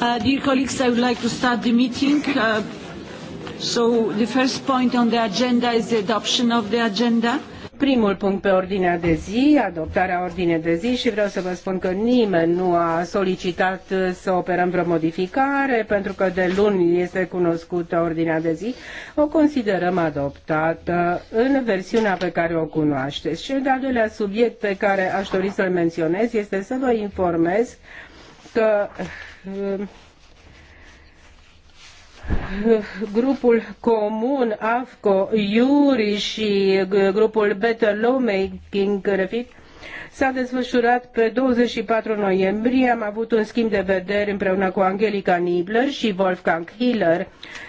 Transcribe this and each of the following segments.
Uh, dear colleagues, I would like to start the meeting. Uh, so the first point on the agenda is the adoption of the agenda primul punct pe ordinea de zi, adoptarea ordinei de zi și vreau să vă spun că nimeni nu a solicitat să operăm vreo modificare, pentru că de luni este cunoscută ordinea de zi. O considerăm adoptată în versiunea pe care o cunoașteți. Cel de-al doilea subiect pe care aș dori să-l menționez este să vă informez că grupul comun AFCO, Iuri și uh, grupul Better Lawmaking Refit s-a desfășurat pe 24 noiembrie. Am avut un schimb de vederi împreună cu Angelica Nibler și Wolfgang Hiller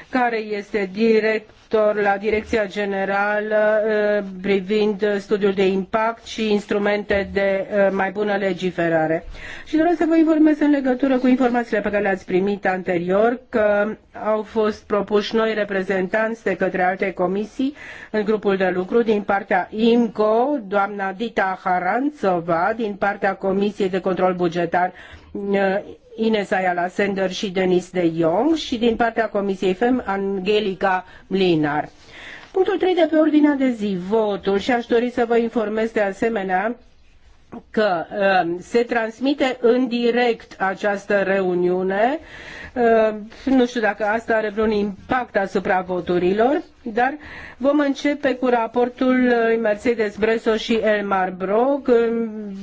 care este director la Direcția Generală uh, privind studiul de impact și instrumente de uh, mai bună legiferare. Și doresc să vă informez în legătură cu informațiile pe care le-ați primit anterior că au fost propuși noi reprezentanți de către alte comisii în grupul de lucru din partea IMCO, doamna Dita Haranțova, din partea Comisiei de Control Bugetar uh, Ines Ayala Sender și Denis de Jong și din partea Comisiei FEM Angelica Mlinar. Punctul 3 de pe ordinea de zi, votul și aș dori să vă informez de asemenea că um, se transmite în direct această reuniune. Um, nu știu dacă asta are vreun impact asupra voturilor, dar Vom începe cu raportul uh, lui Mercedes Breso și Elmar Brog,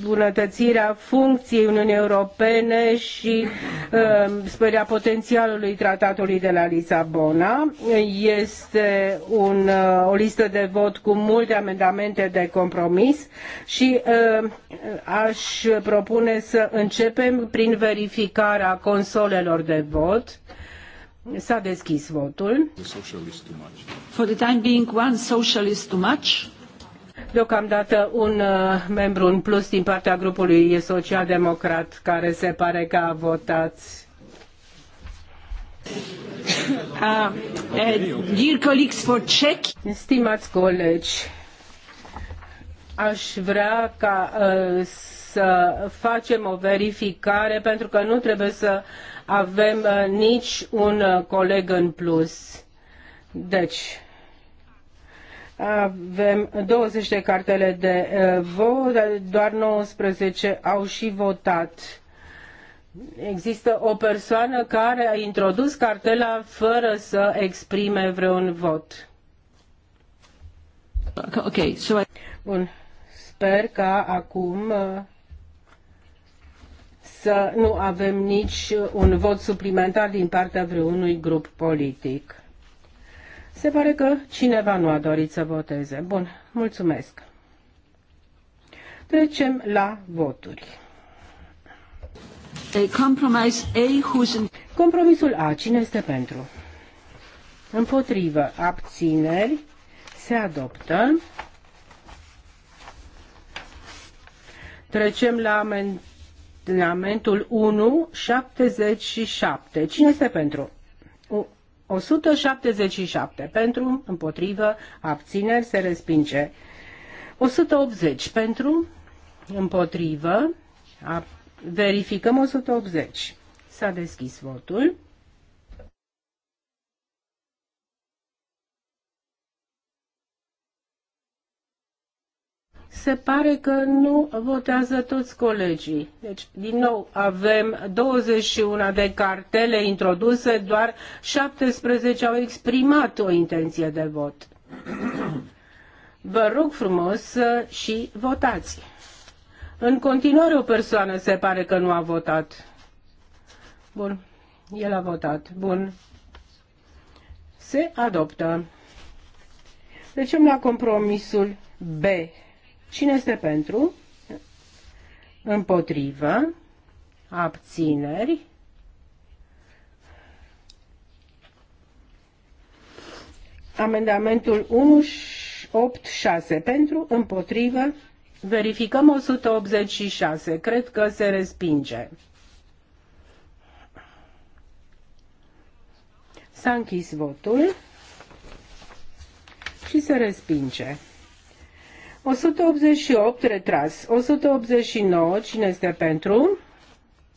bunătățirea funcției Uniunii Europene și uh, spărea potențialului tratatului de la Lisabona. Este un, uh, o listă de vot cu multe amendamente de compromis și aș propune să începem prin verificarea consolelor de vot. S-a deschis votul. For the time being, one socialist too much. Deocamdată un uh, membru în plus din partea grupului social-democrat care se pare că a votat. Uh, uh, colleagues for check. Stimați colegi, aș vrea ca uh, să facem o verificare pentru că nu trebuie să avem uh, nici un uh, coleg în plus. Deci, avem 20 de cartele de uh, vot, doar 19 au și votat. Există o persoană care a introdus cartela fără să exprime vreun vot. Ok, so I... Bun. Sper că acum să nu avem nici un vot suplimentar din partea vreunui grup politic. Se pare că cineva nu a dorit să voteze. Bun, mulțumesc. Trecem la voturi. Compromisul A. Cine este pentru? Împotrivă. Abțineri. Se adoptă. Trecem la amendamentul Lamentul 1, 77. Cine este pentru? 177. Pentru, împotrivă, abțineri, se respinge. 180. Pentru, împotrivă, verificăm 180. S-a deschis votul. se pare că nu votează toți colegii. Deci, din nou, avem 21 de cartele introduse, doar 17 au exprimat o intenție de vot. Vă rog frumos și votați. În continuare o persoană se pare că nu a votat. Bun, el a votat. Bun. Se adoptă. Trecem la compromisul B. Cine este pentru? Împotrivă. Abțineri. Amendamentul 186 pentru, împotrivă. Verificăm 186. Cred că se respinge. S-a închis votul și se respinge. 188 retras. 189 cine este pentru?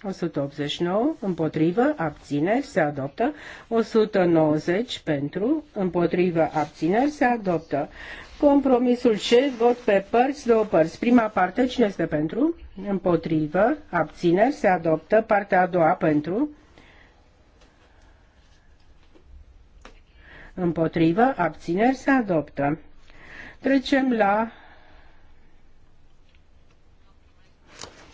189 împotrivă, abțineri, se adoptă. 190 pentru, împotrivă, abțineri, se adoptă. Compromisul C, vot pe părți, două părți. Prima parte, cine este pentru? Împotrivă, abțineri, se adoptă. Partea a doua pentru. Împotrivă, abțineri, se adoptă. Trecem la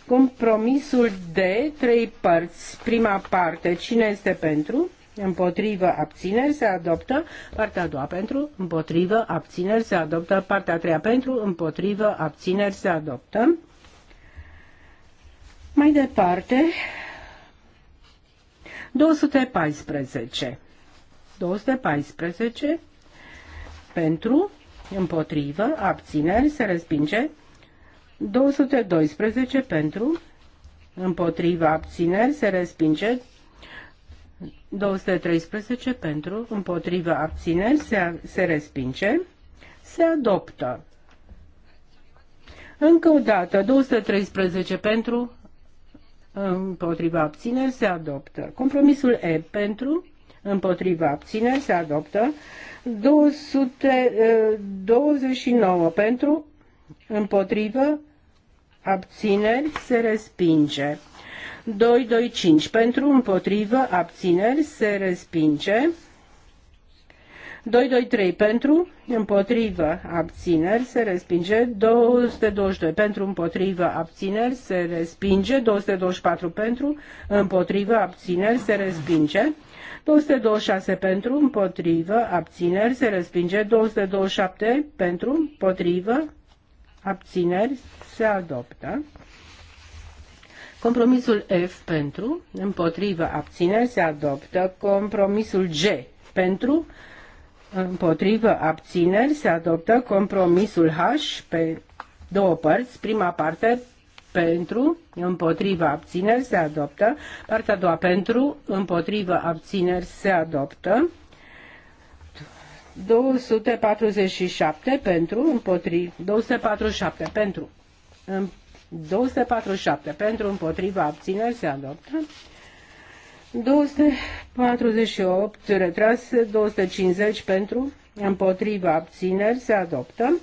Compromisul de trei părți. Prima parte, cine este pentru? Împotrivă, abțineri, se adoptă. Partea a doua pentru, împotrivă, abțineri, se adoptă. Partea a treia pentru, împotrivă, abțineri, se adoptă. Mai departe, 214. 214 pentru, împotrivă, abțineri, se respinge. 212 pentru, împotriva abțineri se respinge. 213 pentru, împotriva abțineri se, se respinge. Se adoptă. Încă o dată, 213 pentru, împotriva abțineri se adoptă. Compromisul E pentru, împotriva abțineri se adoptă. 229 pentru, împotrivă, abțineri, se respinge. 225 pentru, împotrivă, abțineri, se respinge. 223 pentru, împotrivă, abțineri, se respinge. 222 pentru, împotrivă, abțineri, se respinge. 224 pentru, împotrivă, abțineri, se respinge. 226 pentru, împotrivă, abțineri, se respinge. 227 pentru, împotrivă, abțineri, se adoptă. Compromisul F pentru, împotrivă, abțineri, se adoptă. Compromisul G pentru, împotrivă, abțineri, se adoptă. Compromisul H pe două părți. Prima parte pentru, împotriva abțineri se adoptă. Partea a doua pentru, împotriva abțineri se adoptă. 247 pentru, împotriva, 247 pentru, 247 pentru împotriva abțineri se adoptă. 248 retras, 250 pentru împotriva abțineri se adoptă.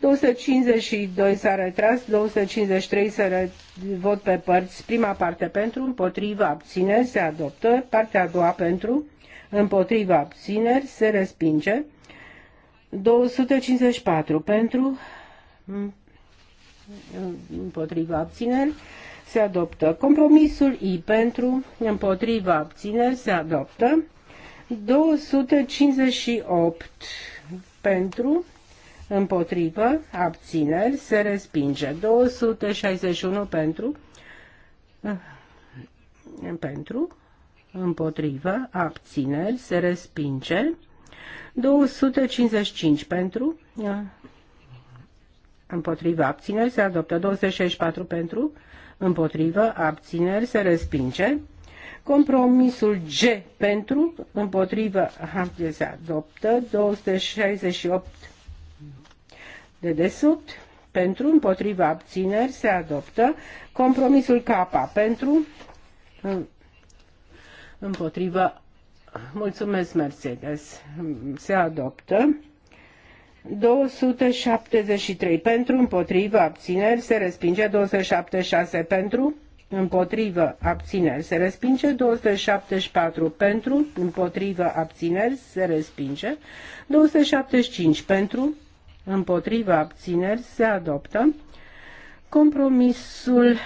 252 s-a retras, 253 se vot pe părți. Prima parte pentru, împotriva abțineri se adoptă, partea a doua pentru, împotriva abțineri se respinge. 254 pentru, împotriva abțineri se adoptă. Compromisul I pentru împotriva abțineri se adoptă. 258 pentru împotrivă abțineri se respinge. 261 pentru eh, pentru împotrivă abțineri se respinge. 255 pentru eh, împotriva abțineri se adoptă 264 pentru, împotrivă abțineri se respinge. Compromisul G pentru, împotrivă abțineri se adoptă 268 de desubt, pentru, împotriva abțineri se adoptă. Compromisul K pentru, împotrivă, mulțumesc Mercedes, se adoptă. 273 pentru, împotrivă, abțineri, se respinge 276 pentru, împotrivă, abțineri, se respinge 274 pentru, împotrivă, abțineri, se respinge 275 pentru, împotrivă, abțineri, se adoptă. Compromisul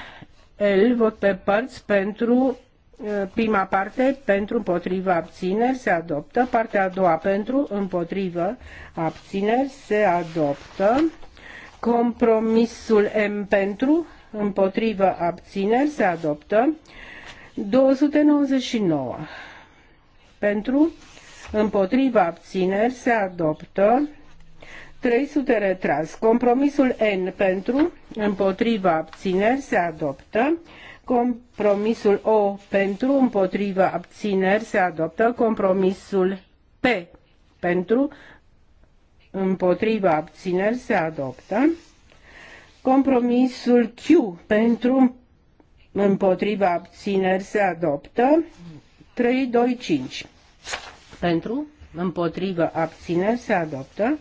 L, vot pe părți pentru, Eh, prima parte pentru împotriva abțineri se adoptă, partea a doua pentru împotriva abțineri se adoptă, compromisul M pentru împotriva abțineri se adoptă, 299 pentru împotriva abțineri se adoptă, 300 retras, compromisul N pentru împotriva abțineri se adoptă, Compromisul O pentru, împotrivă, abțineri se adoptă. Compromisul P pentru, împotrivă, abțineri se adoptă. Compromisul Q pentru, împotrivă, abțineri se adoptă. 3, 2, 5 pentru, împotrivă, abțineri se adoptă.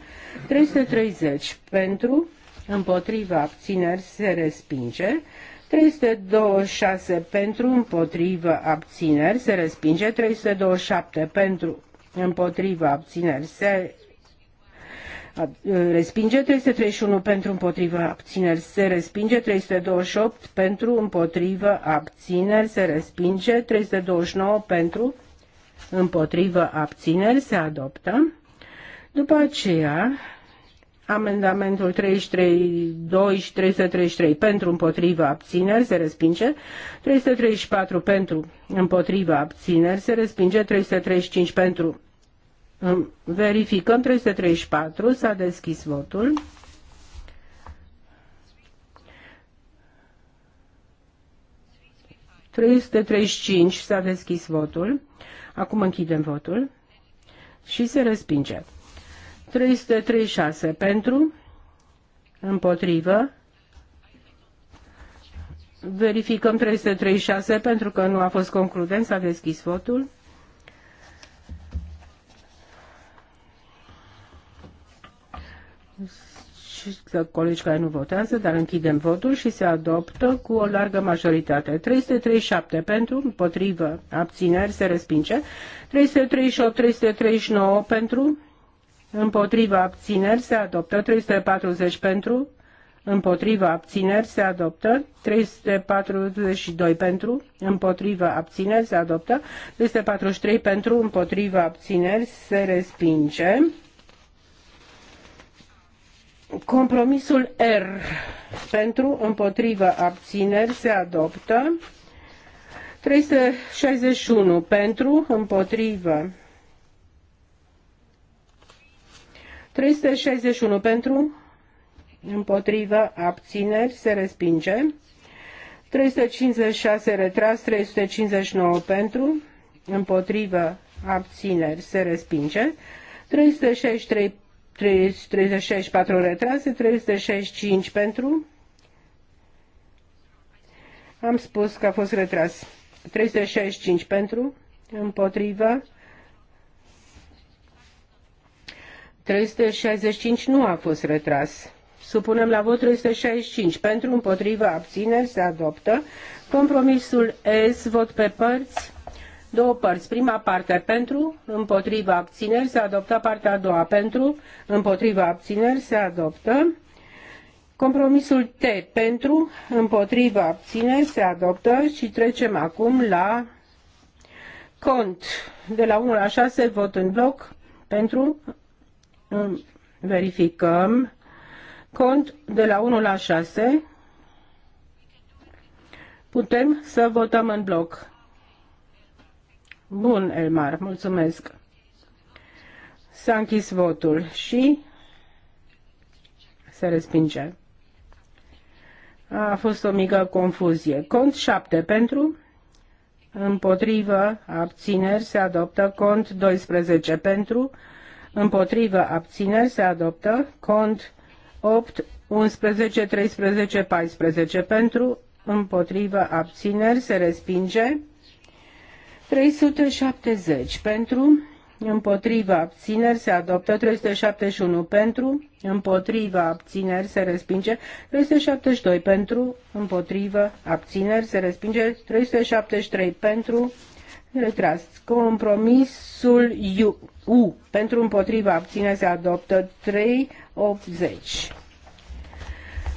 330 pentru, împotrivă, abțineri se respinge. 326 pentru, împotrivă, abțineri, se respinge. 327 pentru, împotrivă, abțineri, se respinge 331 pentru împotrivă abțineri, se respinge 328 pentru împotrivă abțineri, se respinge 329 pentru împotrivă abțineri, se adoptă. După aceea Amendamentul 33.2 și 333 pentru împotriva abțineri se respinge, 334 pentru împotriva abțineri se respinge, 335 pentru verificăm, 334 s-a deschis votul. cinci s-a deschis votul. Acum închidem votul și se respinge. 336 pentru, împotrivă. Verificăm 336 pentru că nu a fost concludent, s-a deschis votul. Și colegi care nu votează, dar închidem votul și se adoptă cu o largă majoritate. 337 pentru, împotrivă, abțineri, se respinge. 338, 339 pentru, împotriva abțineri se adoptă, 340 pentru, împotriva abțineri se adoptă, 342 pentru, împotriva abțineri se adoptă, 343 pentru, împotriva abțineri se respinge. Compromisul R pentru, împotriva abțineri se adoptă, 361 pentru, împotriva 361 pentru, împotrivă, abțineri, se respinge. 356 retras, 359 pentru, împotrivă, abțineri, se respinge. 363 364 retrase, 365 pentru. Am spus că a fost retras. 365 pentru, împotrivă, 365 nu a fost retras. Supunem la vot 365. Pentru, împotrivă abțineri, se adoptă. Compromisul S, vot pe părți. Două părți. Prima parte pentru, împotriva, abțineri, se adoptă. Partea a doua pentru, împotriva, abțineri, se adoptă. Compromisul T pentru, împotriva, abțineri, se adoptă și trecem acum la cont. De la 1 la 6, vot în bloc pentru, verificăm, cont de la 1 la 6, putem să votăm în bloc. Bun, Elmar, mulțumesc. S-a închis votul și se respinge. A fost o mică confuzie. Cont 7 pentru, împotrivă, abțineri, se adoptă. Cont 12 pentru, împotrivă, abțineri, se adoptă. Cont 8, 11, 13, 14 pentru, împotrivă, abțineri, se respinge. 370 pentru, Împotrivă abțineri se adoptă 371 pentru, Împotrivă abțineri se respinge 372 pentru, Împotrivă abțineri se respinge 373 pentru, retras. Compromisul U U pentru împotriva abține se adoptă 380.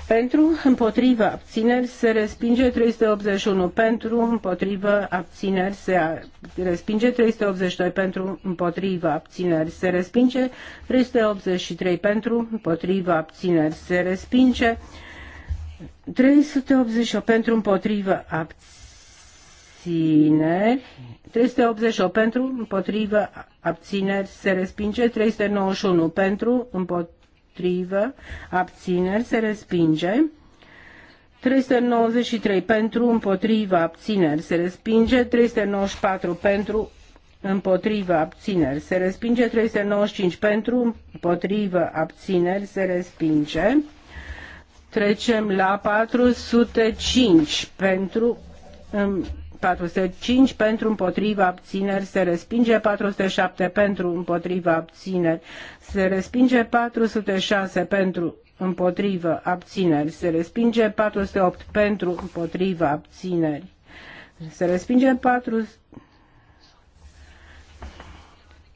Pentru împotriva abțineri se respinge 381. Pentru împotriva abțineri se respinge 382. Pentru împotriva abțineri se respinge 383. Pentru împotriva abțineri se respinge 388. Pentru împotriva abțineri abțineri, 388 pentru, împotrivă, abțineri, se respinge, 391 pentru, împotrivă, abțineri, se respinge, 393 pentru, împotrivă, abțineri, se respinge, 394 pentru, împotrivă, abțineri, se respinge, 395 pentru, împotrivă, abțineri, se respinge. Trecem la 405 pentru, împotrivă, 405 pentru împotriva abțineri, se respinge 407 pentru împotriva abțineri, se respinge 406 pentru împotriva abțineri, se respinge 408 pentru împotriva abțineri, se respinge 4...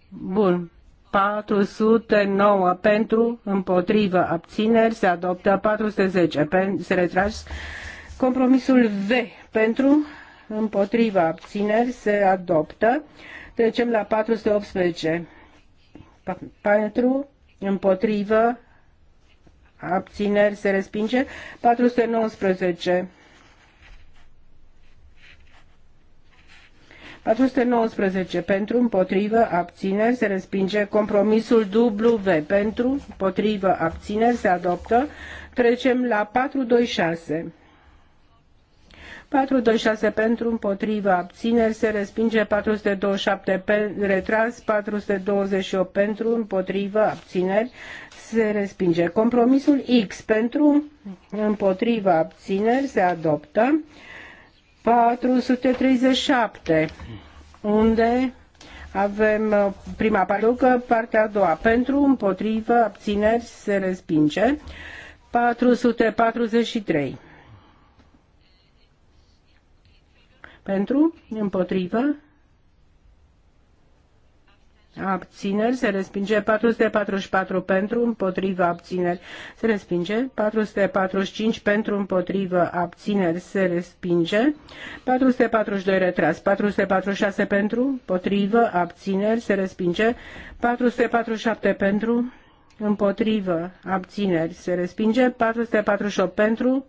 Bun. 409 pentru, împotriva abțineri, se adoptă 410, pen, se retrage compromisul V pentru, împotriva abțineri se adoptă. Trecem la 418. 4 împotrivă, abțineri se respinge. 419. 419 pentru, împotrivă, abțineri, se respinge compromisul W pentru, împotrivă, abțineri, se adoptă. Trecem la 426. 426 pentru, împotriva, abțineri, se respinge 427 pe, retras, 428 pentru, împotriva, abțineri, se respinge. Compromisul X pentru, împotriva, abțineri, se adoptă. 437, unde avem uh, prima palucă, partea a doua pentru, împotrivă, abțineri, se respinge. 443 Pentru, împotrivă, abțineri, se respinge 444 pentru, împotrivă, abțineri, se respinge 445 pentru, împotrivă, abțineri, se respinge 442 retras, 446 pentru, împotrivă, abțineri, se respinge 447 pentru, împotrivă, abțineri, se respinge 448 pentru,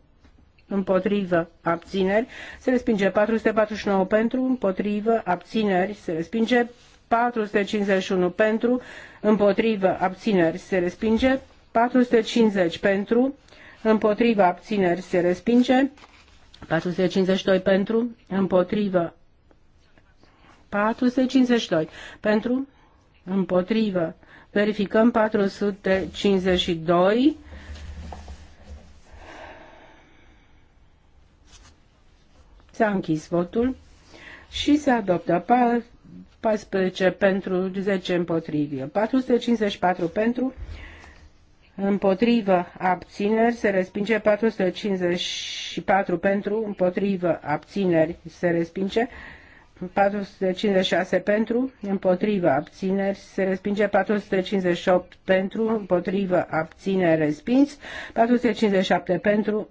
împotrivă, abțineri, se respinge 449 pentru, împotrivă, abțineri, se respinge 451 pentru, împotrivă, abțineri, se respinge 450 pentru, împotrivă, abțineri, se respinge 452 pentru, împotrivă, 452 pentru, împotrivă, verificăm 452 S-a închis votul și se adoptă 14 pentru, 10 împotrivă, 454 pentru, împotrivă, abțineri, se respinge 454 pentru, împotrivă, abțineri, se respinge 456 pentru, împotrivă, abțineri, se respinge 458 pentru, împotrivă, abțineri, respins, 457 pentru,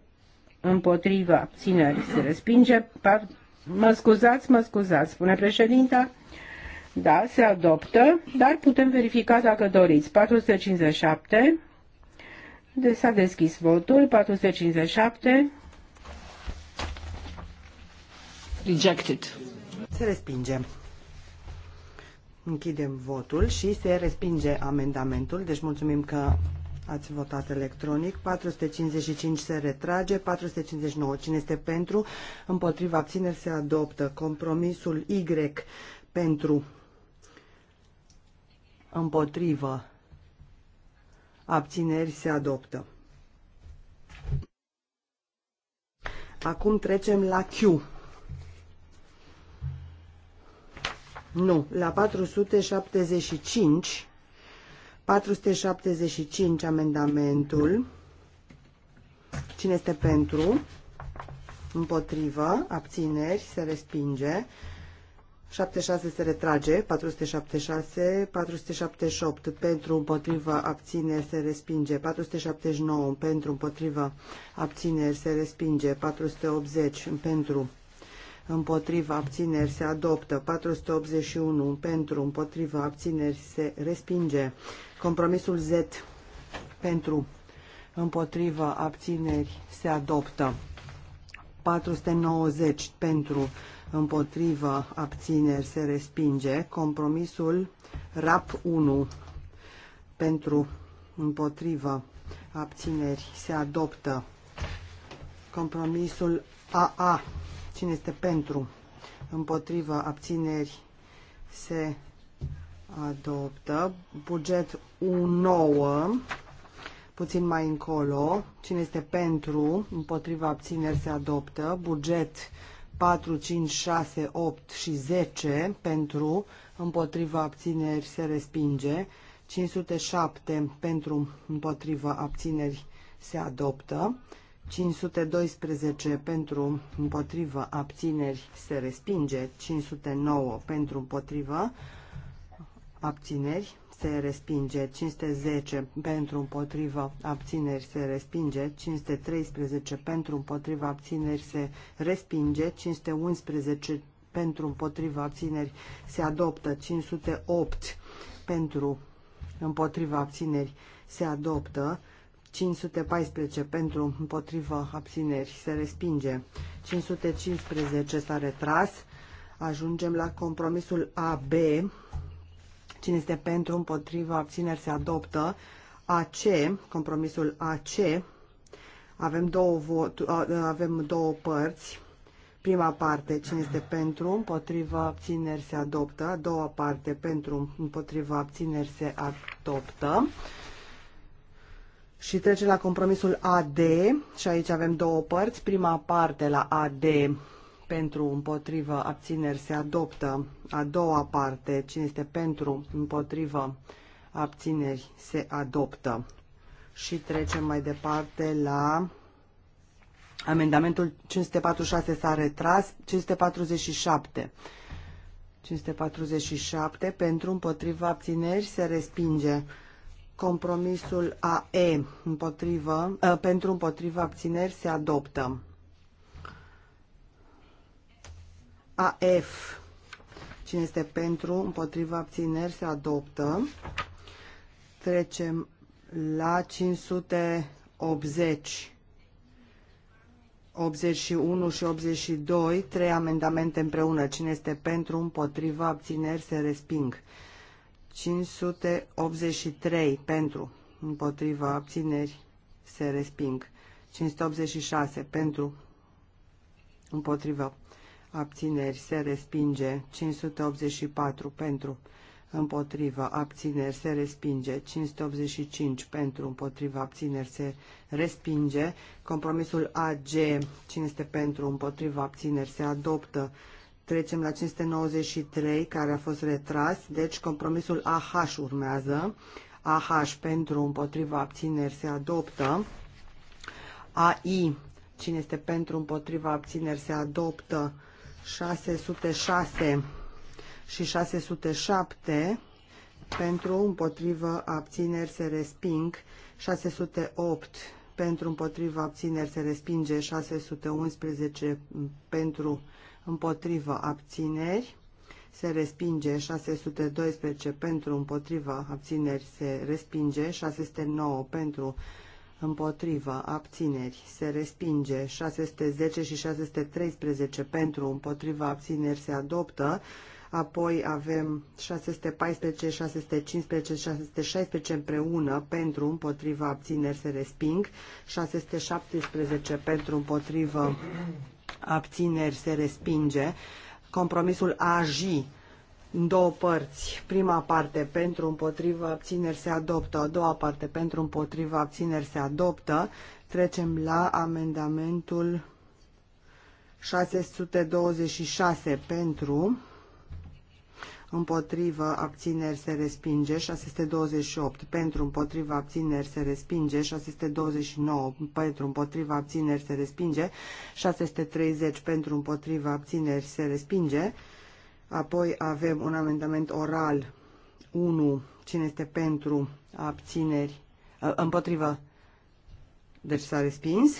împotriva ținării se respinge. Par... Mă scuzați, mă scuzați, spune președinta. Da, se adoptă, dar putem verifica dacă doriți. 457. De s-a deschis votul. 457. Rejected. Se respinge. Închidem votul și se respinge amendamentul, deci mulțumim că Ați votat electronic. 455 se retrage. 459. Cine este pentru? Împotriva abțineri se adoptă. Compromisul Y pentru împotrivă abțineri se adoptă. Acum trecem la Q. Nu, la 475 475 amendamentul. Cine este pentru? Împotrivă. Abțineri. Se respinge. 76 se retrage, 476, 478 pentru împotrivă, abțineri se respinge, 479 pentru împotrivă, abțineri se respinge, 480 pentru împotriva abțineri se adoptă, 481 pentru, împotriva abțineri se respinge, compromisul Z pentru, împotriva abțineri se adoptă, 490 pentru, împotriva abțineri se respinge, compromisul RAP 1 pentru, împotriva abțineri se adoptă, compromisul AA Cine este pentru? Împotrivă abțineri se adoptă. Buget 19, puțin mai încolo. Cine este pentru? Împotrivă abțineri se adoptă. Buget 4, 5, 6, 8 și 10 pentru, împotriva abțineri se respinge, 507 pentru, împotriva abțineri se adoptă, 512 pentru împotrivă, abțineri se respinge, 509 pentru împotrivă, abțineri se respinge, 510 pentru împotrivă, abțineri se respinge, 513 pentru împotrivă, abțineri se respinge, 511 pentru împotrivă, abțineri se adoptă, 508 pentru împotrivă, abțineri se adoptă, 514 pentru împotrivă abțineri se respinge. 515 s-a retras. Ajungem la compromisul AB. Cine este pentru împotrivă abțineri se adoptă. AC, compromisul AC. Avem două, vot, avem două părți. Prima parte, cine este pentru, împotriva abțineri se adoptă. A doua parte, pentru, împotriva abțineri se adoptă și trece la compromisul AD și aici avem două părți. Prima parte la AD pentru împotrivă abțineri se adoptă. A doua parte, cine este pentru împotrivă abțineri se adoptă. Și trecem mai departe la amendamentul 546 s-a retras, 547. 547 pentru împotriva abțineri se respinge. Compromisul AE împotrivă, ă, pentru împotriva abțineri se adoptă. AF. Cine este pentru împotriva abțineri se adoptă. Trecem la 580. 81 și 82, trei amendamente împreună. Cine este pentru, împotriva, abțineri, se resping. 583 pentru, împotriva abțineri, se resping. 586 pentru, împotriva abțineri, se respinge. 584 pentru, împotriva abțineri, se respinge. 585 pentru, împotriva abțineri, se respinge. Compromisul AG, 500 pentru, împotriva abțineri, se adoptă. Trecem la 593, care a fost retras, deci compromisul AH urmează. AH pentru împotriva abțineri se adoptă. AI, cine este pentru împotriva abțineri se adoptă. 606 și 607 pentru împotriva abțineri se resping 608 pentru împotriva abțineri se respinge 611 pentru împotrivă abțineri, se respinge 612 pentru împotrivă abțineri, se respinge 609 pentru împotrivă abțineri, se respinge 610 și 613 pentru împotrivă abțineri, se adoptă apoi avem 614, 615, 616 împreună pentru împotriva abțineri se resping, 617 pentru împotriva abțineri se respinge. Compromisul AJ în două părți. Prima parte pentru împotrivă abțineri se adoptă, a doua parte pentru împotrivă abțineri se adoptă. Trecem la amendamentul 626 pentru împotrivă, abțineri, se respinge, 628 pentru, împotrivă, abțineri, se respinge, 629 pentru, împotrivă, abțineri, se respinge, 630 pentru, împotrivă, abțineri, se respinge. Apoi avem un amendament oral 1, cine este pentru, abțineri, ă, împotrivă, deci s-a respins.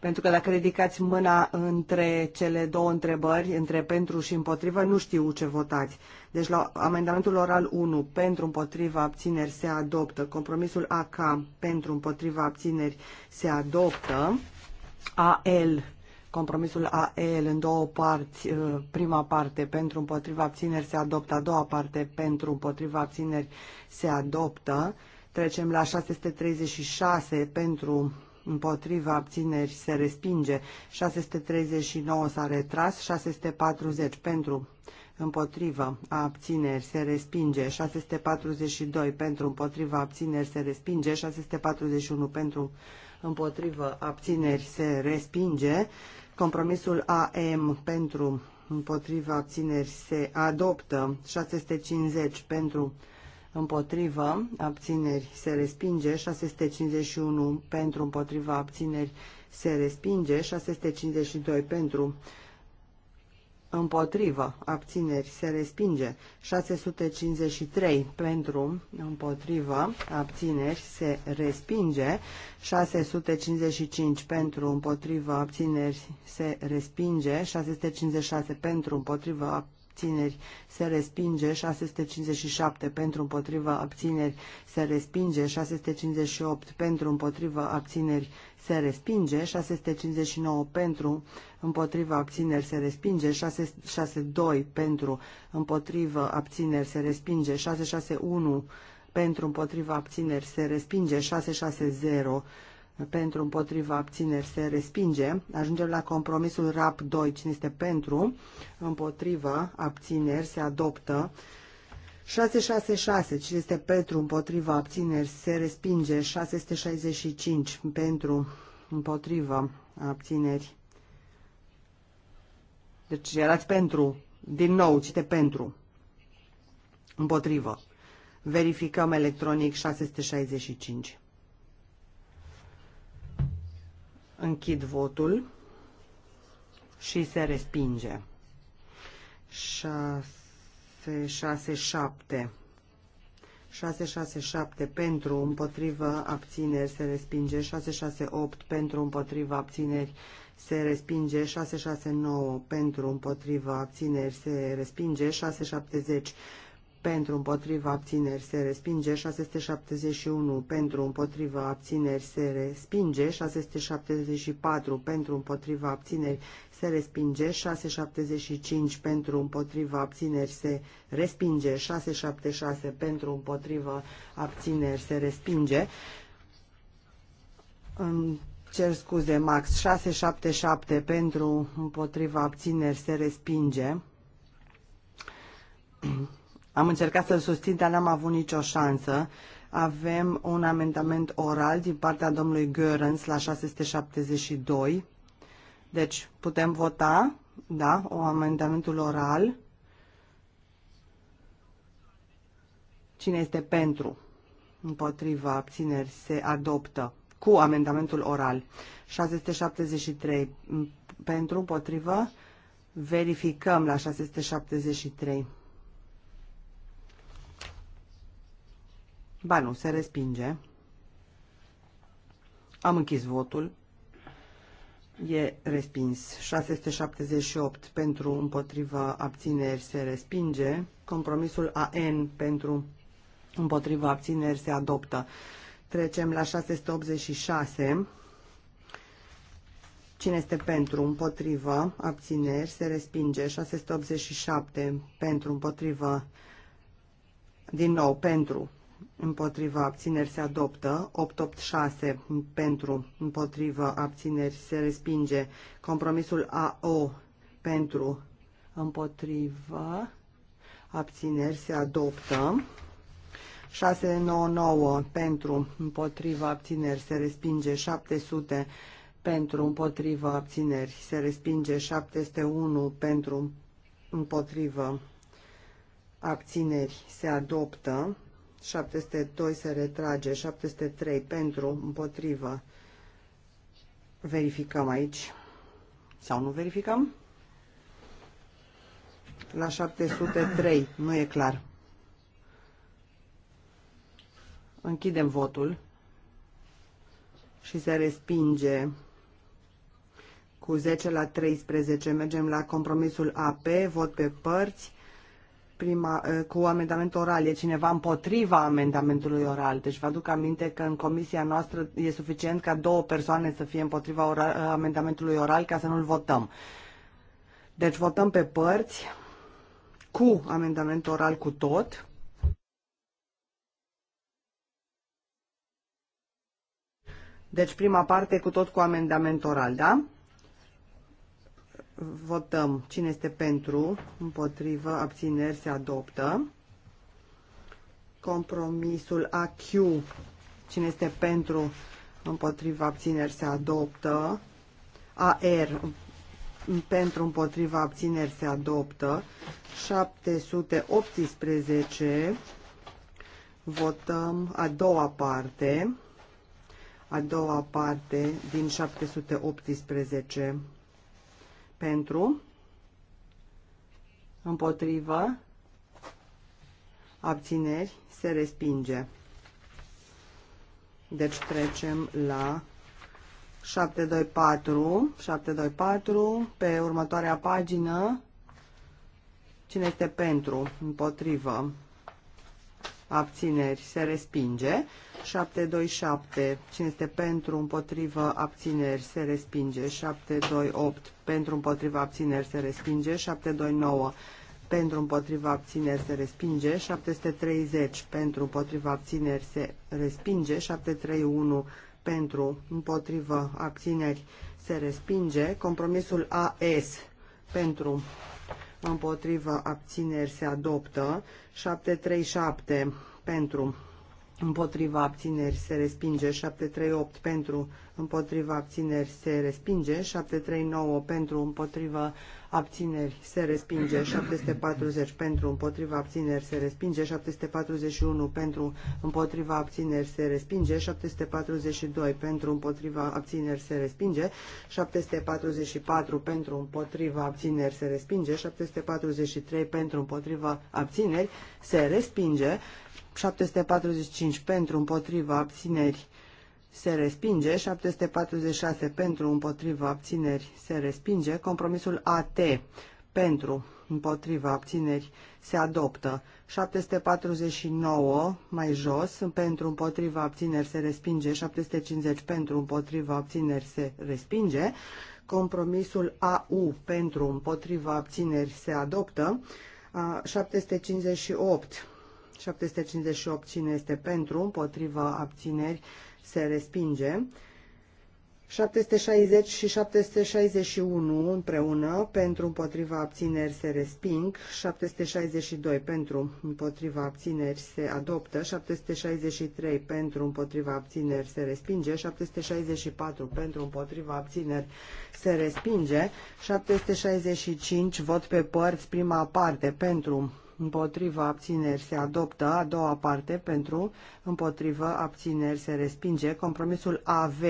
Pentru că dacă ridicați mâna între cele două întrebări, între pentru și împotrivă, nu știu ce votați. Deci la amendamentul oral 1, pentru împotriva abțineri se adoptă. Compromisul AK, pentru împotriva abțineri se adoptă. AL, compromisul AL în două parți, uh, prima parte pentru împotriva abțineri se adoptă, a doua parte pentru împotriva abțineri se adoptă. Trecem la 636 pentru împotriva abțineri se respinge, 639 s-a retras, 640 pentru împotriva abțineri se respinge, 642 pentru împotriva abțineri se respinge, 641 pentru împotriva abțineri se respinge, compromisul AM pentru împotriva abțineri se adoptă, 650 pentru împotriva împotrivă, abțineri se respinge, 651 pentru împotriva abțineri se respinge, 652 pentru împotrivă, abțineri se respinge, 653 pentru împotrivă, abțineri se respinge, 655 pentru împotrivă, abțineri se respinge, 656 pentru împotrivă, abțineri abțineri se respinge 657 pentru împotrivă abțineri se respinge 658 pentru împotrivă abțineri se respinge 659 pentru împotrivă abțineri se respinge 662 pentru împotrivă abțineri se respinge 661 pentru împotriva abțineri se respinge 660 pentru împotriva abțineri se respinge. Ajungem la compromisul RAP 2, cine este pentru împotriva abțineri se adoptă. 666, cine este pentru împotriva abțineri se respinge. 665 pentru împotriva abțineri. Deci erați pentru, din nou, cite pentru, împotrivă. Verificăm electronic 665. Închid votul și se respinge. 6, 6, 7. 7 pentru împotrivă abțineri se respinge, 8 pentru împotrivă abțineri se respinge, 9 pentru împotrivă abțineri se respinge, 670 pentru împotriva abțineri se respinge 671 pentru împotriva abțineri se respinge 674 pentru împotriva abțineri se respinge 675 pentru împotriva abțineri se respinge 676 pentru împotriva abțineri se respinge Îmi cer scuze max 677 pentru împotriva abțineri se respinge Am încercat să-l susțin, dar n-am avut nicio șansă. Avem un amendament oral din partea domnului Görens la 672. Deci putem vota, da, o amendamentul oral. Cine este pentru? Împotriva abțineri se adoptă cu amendamentul oral. 673 mm, pentru, împotrivă, verificăm la 673. Ba nu, se respinge. Am închis votul. E respins. 678 pentru, împotriva, abțineri se respinge. Compromisul AN pentru, împotriva, abțineri se adoptă. Trecem la 686. Cine este pentru, împotriva abțineri, se respinge. 687 pentru, împotriva din nou, pentru, împotriva abțineri se adoptă, 886 pentru, împotriva abțineri se respinge, compromisul AO pentru, împotriva abțineri se adoptă, 699 pentru, împotriva abțineri se respinge, 700 pentru, împotriva abțineri se respinge, 701 pentru, împotriva abțineri se adoptă, 702 se retrage, 703 pentru, împotrivă. Verificăm aici. Sau nu verificăm? La 703, nu e clar. Închidem votul și se respinge cu 10 la 13. Mergem la compromisul AP, vot pe părți prima, eh, cu amendament oral. E cineva împotriva amendamentului oral. Deci vă aduc aminte că în comisia noastră e suficient ca două persoane să fie împotriva oral, eh, amendamentului oral ca să nu-l votăm. Deci votăm pe părți cu amendament oral cu tot. Deci prima parte cu tot cu amendament oral, da? Votăm cine este pentru, împotrivă, abțineri, se adoptă. Compromisul AQ, cine este pentru, împotrivă, abțineri se adoptă, AR pentru împotrivă, abțineri se adoptă, 718 votăm a doua parte, a doua parte din 718 pentru, împotrivă, abțineri, se respinge. Deci trecem la 724, 724, pe următoarea pagină, cine este pentru, împotrivă, abțineri, se respinge. 727, cine este pentru, împotrivă, abțineri, se respinge. 728, pentru, împotrivă, abțineri, se respinge. 729, pentru, împotriva, abțineri, se respinge. 730, pentru, împotriva, abțineri, se respinge. 731, pentru, împotrivă, abțineri, se respinge. Compromisul AS, pentru, împotrivă, abțineri se adoptă. 737 pentru, împotriva abțineri se respinge, 738 pentru, împotriva abțineri se respinge, 739 pentru, împotriva abțineri se respinge, 740 pentru, împotriva abțineri se respinge, 741 pentru, împotriva abțineri se respinge, 742 pentru, împotriva abțineri se respinge, 744 pentru, împotriva abțineri se respinge, 743 pentru, împotriva abțineri se respinge, 745 pentru împotriva abțineri se respinge, 746 pentru împotriva abțineri se respinge, compromisul AT pentru împotriva abțineri se adoptă, 749 mai jos pentru împotriva abțineri se respinge, 750 pentru împotriva abțineri se respinge, compromisul AU pentru împotriva abțineri se adoptă, 758 758 cine este pentru, împotrivă abțineri se respinge. 760 și 761 împreună, pentru împotriva abțineri se resping, 762 pentru împotriva abțineri se adoptă, 763 pentru împotriva abțineri se respinge, 764 pentru împotriva abțineri se respinge, 765 vot pe părți prima parte pentru împotriva abțineri se adoptă, a doua parte pentru, împotriva abțineri se respinge, compromisul AV,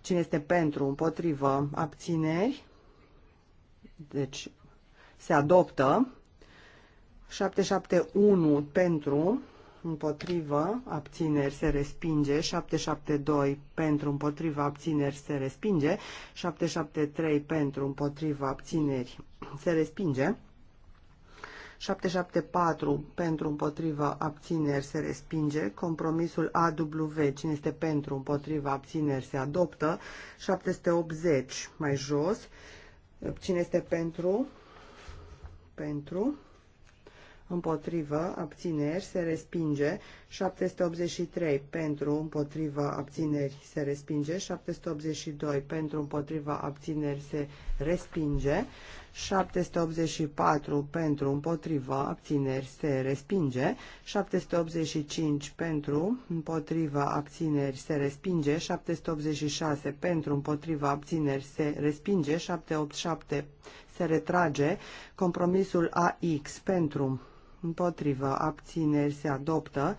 cine este pentru, împotriva abțineri, deci se adoptă, 771 pentru, împotriva abțineri se respinge, 772 pentru împotriva abțineri se respinge, 773 pentru împotriva abțineri se respinge, 774 pentru împotriva abțineri se respinge. Compromisul AW, cine este pentru împotriva abțineri se adoptă. 780 mai jos. Cine este pentru? Pentru împotrivă, abțineri, se respinge, 783 pentru, împotrivă, abțineri, se respinge, 782 pentru, împotrivă, abțineri, se respinge, 784 pentru, împotrivă, abțineri, se respinge, 785 pentru, împotrivă, abțineri, se respinge, 786 pentru, împotrivă, abțineri, se respinge, 787 se retrage, compromisul AX pentru, împotrivă, abțineri se adoptă.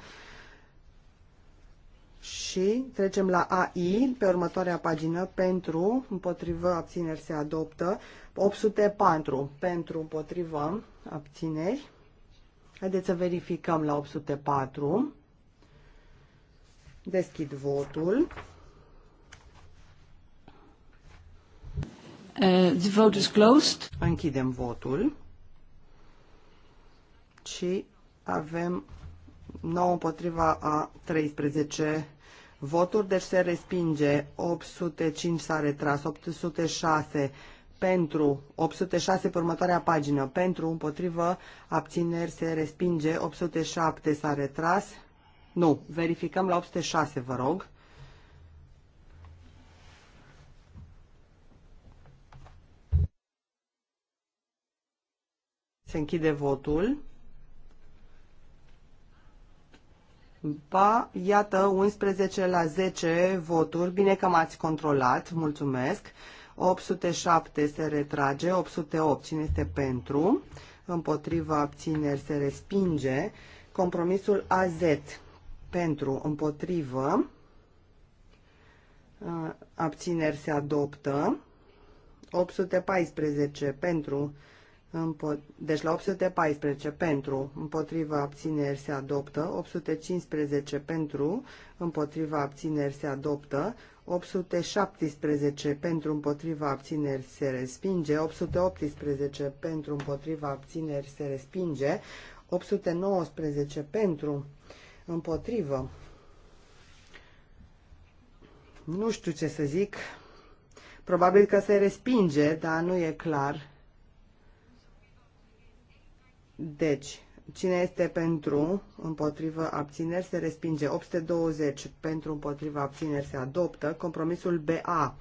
Și trecem la AI, pe următoarea pagină, pentru, împotrivă, abțineri se adoptă, 804, pentru, împotrivă, abțineri. Haideți să verificăm la 804. Deschid votul. Uh, the vote is closed. Închidem votul și avem 9 împotriva a 13 voturi, deci se respinge 805 s-a retras, 806 pentru, 806 pe următoarea pagină, pentru, împotrivă, abțineri se respinge, 807 s-a retras, nu, verificăm la 806, vă rog. Se închide votul. Ba, iată, 11 la 10 voturi. Bine că m-ați controlat. Mulțumesc. 807 se retrage, 808 cine este pentru, împotriva abțineri se respinge, compromisul AZ pentru, împotrivă, abțineri se adoptă, 814 pentru, deci la 814 pentru, împotriva abțineri se adoptă, 815 pentru, împotriva abțineri se adoptă, 817 pentru împotriva abțineri se respinge, 818 pentru împotriva abțineri se respinge, 819 pentru împotrivă. Nu știu ce să zic. Probabil că se respinge, dar nu e clar. Deci, cine este pentru, împotrivă, abțineri, se respinge. 820 pentru, împotrivă, abțineri, se adoptă. Compromisul BA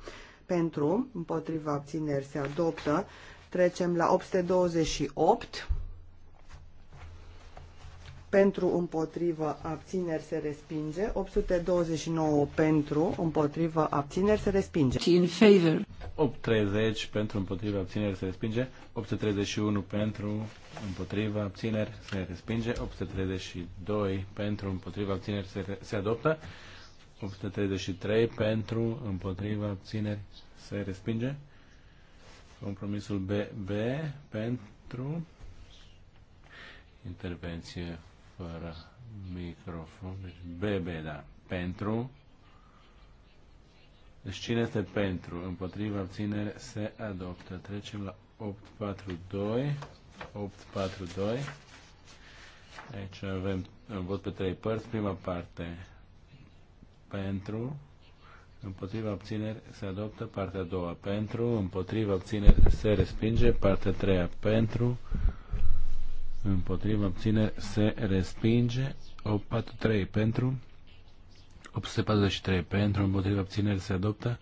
pentru, împotrivă, abțineri, se adoptă. Trecem la 828 pentru împotrivă abțineri se respinge, 829 pentru împotrivă abțineri se respinge. In favor. 830 pentru împotrivă abțineri se respinge, 831 pentru împotriva abțineri se respinge, 832 pentru împotriva abțineri se, se adoptă, 833 pentru împotriva abțineri se respinge, compromisul BB pentru intervenție fără microfon, deci BB, da, pentru deci cine este pentru? Împotriva abțineri se adoptă. Trecem la 842. 842. Aici avem vot pe trei părți. Prima parte pentru, împotriva obțineri se adoptă. Partea a doua pentru, împotriva obțineri se respinge. Partea a treia pentru, împotriva obțineri se respinge. 843 pentru, 843 pentru, împotriva obțineri se adoptă.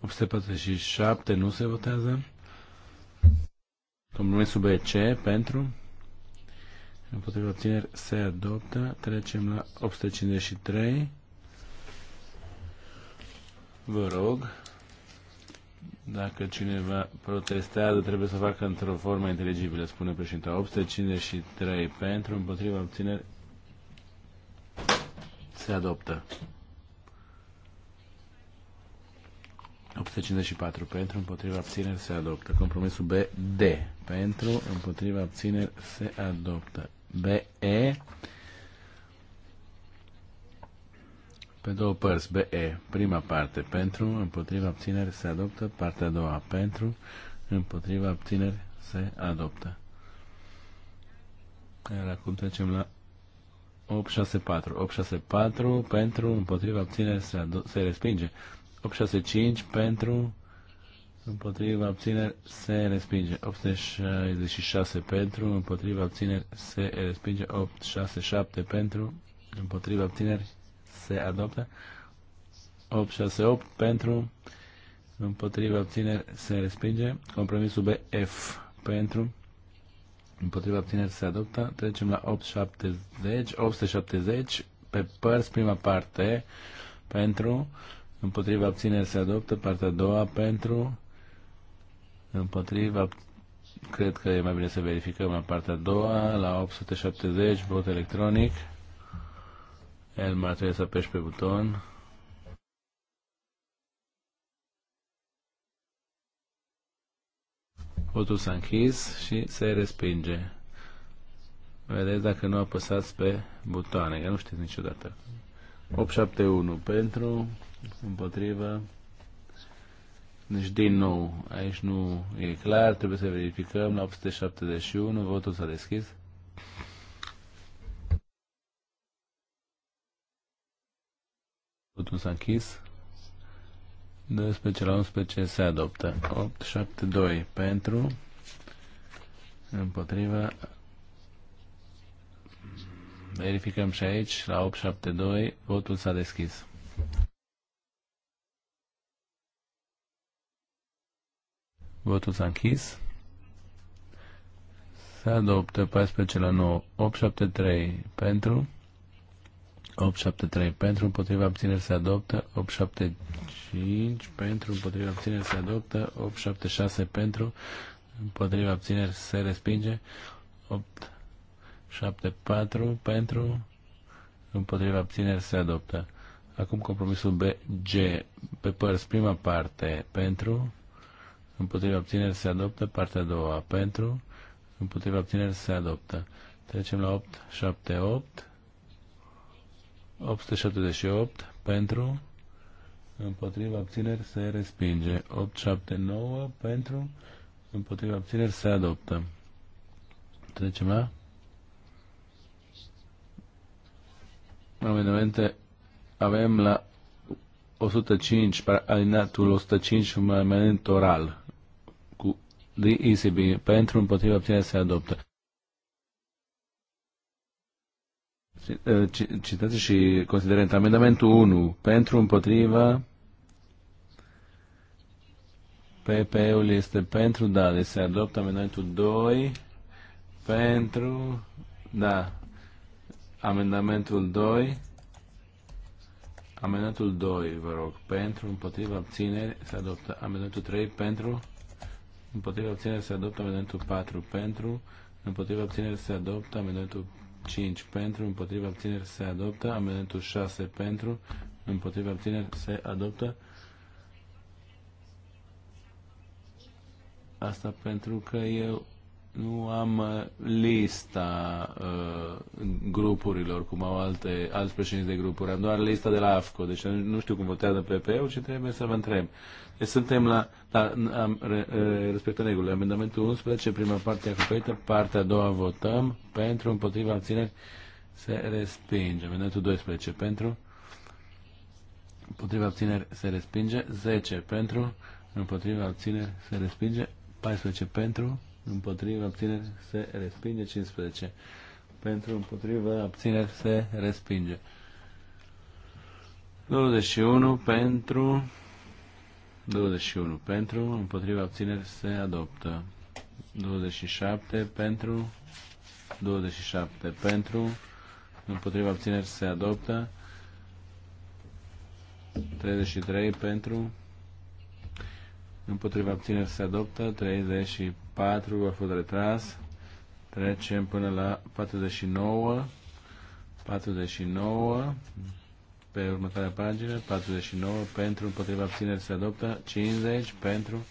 847 nu se votează. Compromisul BC pentru. Împotriva obțineri se adoptă. Trecem la 853. Vă rog, dacă cineva protestează, trebuie să facă într-o formă inteligibilă, spune președintele. 853 pentru, împotriva obțineri se adoptă. 854 pentru, împotriva abțineri se adoptă. Compromisul B, D. Pentru, împotriva abțineri se adoptă. B, E. Pe două părți, B, E. Prima parte, pentru, împotriva abțineri se adoptă. Partea a doua, pentru, împotriva abțineri se adoptă. Iar acum trecem la 864. 864 pentru, împotriva abțineri se, se respinge. 865 pentru, împotriva abțineri se respinge. 866 pentru, împotriva abțineri se respinge. 867 pentru, împotriva abțineri se adoptă. 868 pentru, împotriva abțineri se respinge. Compromisul BF pentru, împotriva abțineri se adoptă. Trecem la 870, 870 pe părți prima parte pentru, împotriva abțineri se adoptă, partea a doua pentru, împotriva, cred că e mai bine să verificăm la partea a doua, la 870, vot electronic. El mai trebuie să apeși pe buton. Votul s-a închis și se respinge. Vedeți dacă nu apăsați pe butoane, că nu știți niciodată 871 pentru, împotriva. Deci, din nou, aici nu e clar, trebuie să verificăm la 871, votul s-a deschis. Votul s-a închis. 12 la 11 se adoptă. 872 pentru, împotriva, Verificăm și aici, la 872, votul s-a deschis. Votul s-a închis. Se adoptă 14 la 9, 873 pentru, 873 pentru, împotriva abțineri se adoptă, 875 pentru, împotriva abțineri se adoptă, 876 pentru, împotriva abțineri se respinge, 8 74 pentru, împotriva abțineri se adoptă. Acum compromisul BG pe părți, prima parte pentru, împotriva abțineri se adoptă, partea a doua pentru, împotriva abțineri se adoptă. Trecem la 878, 878 pentru, împotriva abțineri se respinge, 879 pentru, împotriva abțineri se adoptă. Trecem la amendamente avem la 105, alinatul 105, un amendament oral cu de ECB pentru împotriva obținerea se adoptă. Ă, Citați și considerent amendamentul 1 pentru împotriva PP-ul este pentru, da, deci se adoptă amendamentul 2 pentru, da, Amendamentul 2. Amendamentul 2, vă rog, pentru, împotriva, abțineri, se adoptă. Amendamentul 3, pentru, împotriva, abțineri, se adoptă. Amendamentul 4, pentru, împotriva, abțineri, se adoptă. Amendamentul 5, pentru, împotriva, abțineri, se adoptă. Amendamentul 6, pentru, împotriva, abțineri, se adoptă. Asta pentru că eu nu am uh, lista uh, grupurilor, cum au alte, alți președinți de grupuri, am doar lista de la AFCO, deci nu știu cum votează PP-ul, ci trebuie să vă întreb. Deci suntem la, la da, am, re, respectă regulile, amendamentul 11, prima parte acoperită, partea a doua votăm, pentru, împotriva, abțineri, se respinge. Amendamentul 12, pentru, împotriva, abțineri, se respinge, 10, pentru, împotriva, abțineri, se respinge, 14, pentru, împotriva, abțineri, se respinge. 15. Pentru, împotriva, abțineri, se respinge. 21 pentru 21 pentru, împotriva abțineri se adoptă. 27 pentru 27 pentru, împotriva abțineri se adoptă. 33 pentru, împotriva abțineri se adoptă. 34 4 a fost retras. Trecem până la 49. 49 pe următoarea pagină, 49 pentru, împotriva abțineri se adoptă, 50 pentru,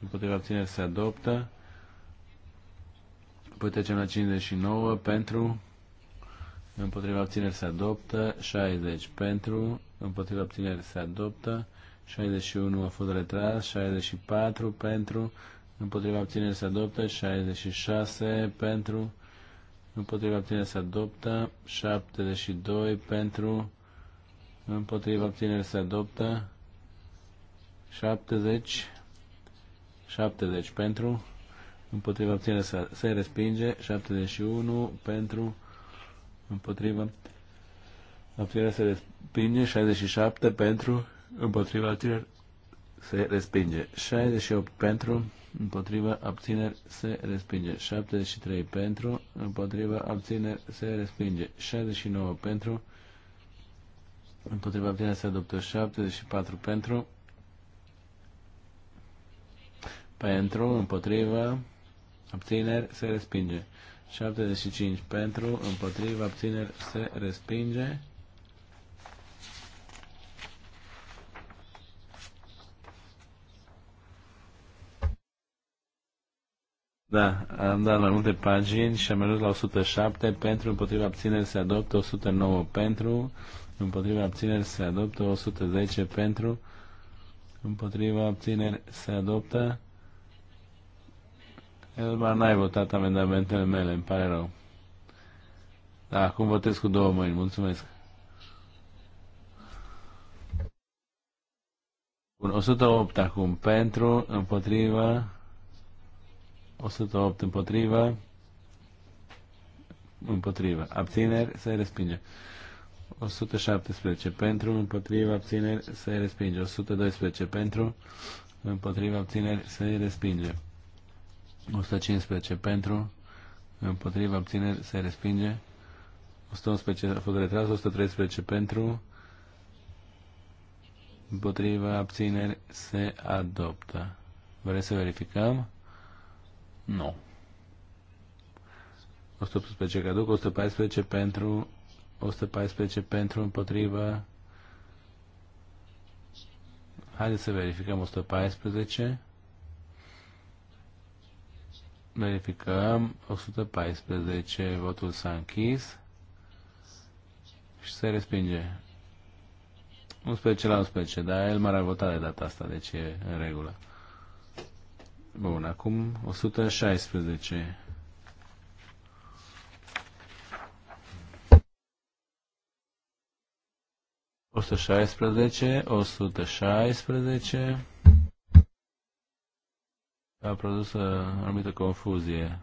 împotriva abțineri se adoptă, Păi trecem la 59 pentru, împotriva abțineri se adoptă, 60 pentru, împotriva abțineri se adoptă, 61 a fost retras, 64 pentru, împotriva abținere se adoptă, 66 pentru, împotriva abținere se adoptă, 72 pentru, împotriva abținere se adoptă, 70, 70 pentru, împotriva abținere se, se respinge, 71 pentru, împotriva abținere se respinge, 67 pentru, împotriva abținere se respinge. 68 pentru, împotriva abțineri se respinge. 73 pentru, împotriva abțineri se respinge. 69 pentru, împotriva abțineri se adoptă. 74 pentru, pentru, împotriva abțineri se respinge. 75 pentru, împotriva abțineri se respinge. Da, am dat mai multe pagini și am ajuns la 107 pentru, împotriva abțineri se adoptă 109 pentru, împotriva abțineri se adoptă 110 pentru, împotriva abțineri se adoptă. Elba, n-ai votat amendamentele mele, îmi pare rău. Da, acum votez cu două mâini, mulțumesc. Bun, 108 acum, pentru, împotriva, 108 împotriva. Împotriva. Abțineri se respinge. 117 pentru, împotriva abțineri se respinge. 112 pentru, împotriva abțineri se respinge. 115 pentru, împotriva abțineri se respinge. 111 a fost retras, 113 pentru, împotriva abțineri se adoptă. Vreți să verificăm? Nu. 118 caduc, 114 pentru, 114 pentru, împotrivă. Haideți să verificăm 114. Verificăm 114, votul s-a închis și se respinge. 11 la 11, dar el m-ar votat de data asta, deci e în regulă. Bun, acum 116. Osta 16, 116 a produs anumită confuzie.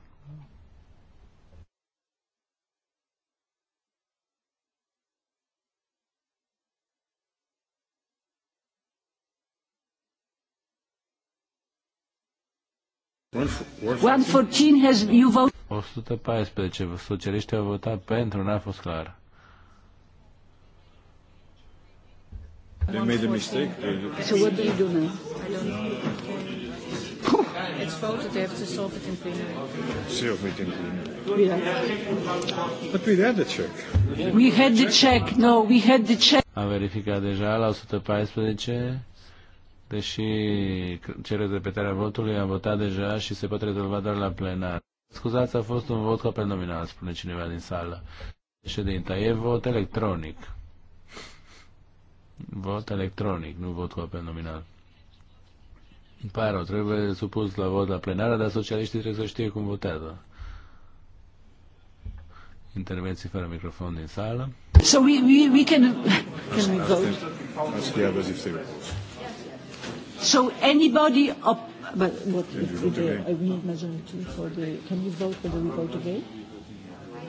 114 has you voted. 114. Socialiștii au votat pentru, n-a fost clar. They made a mistake. So what do you do now? It's voted. They have to solve it in plenary. Solve it in plenary. Yeah. But we had the check. We had the check. No, we had the check. Am verificat deja la 114 deși cele de repetare a votului am votat deja și se poate rezolva doar la plenar. Scuzați, a fost un vot cu apel nominal, spune cineva din sală. Ședinta, e vot electronic. Vot electronic, nu vot cu apel nominal. Îmi trebuie supus la vot la plenară, dar socialiștii trebuie să știe cum votează. Intervenții fără microfon din sală. So we, we, we can, can we vote? So anybody up? But what if the, I need majority for the. Can you vote whether we vote again?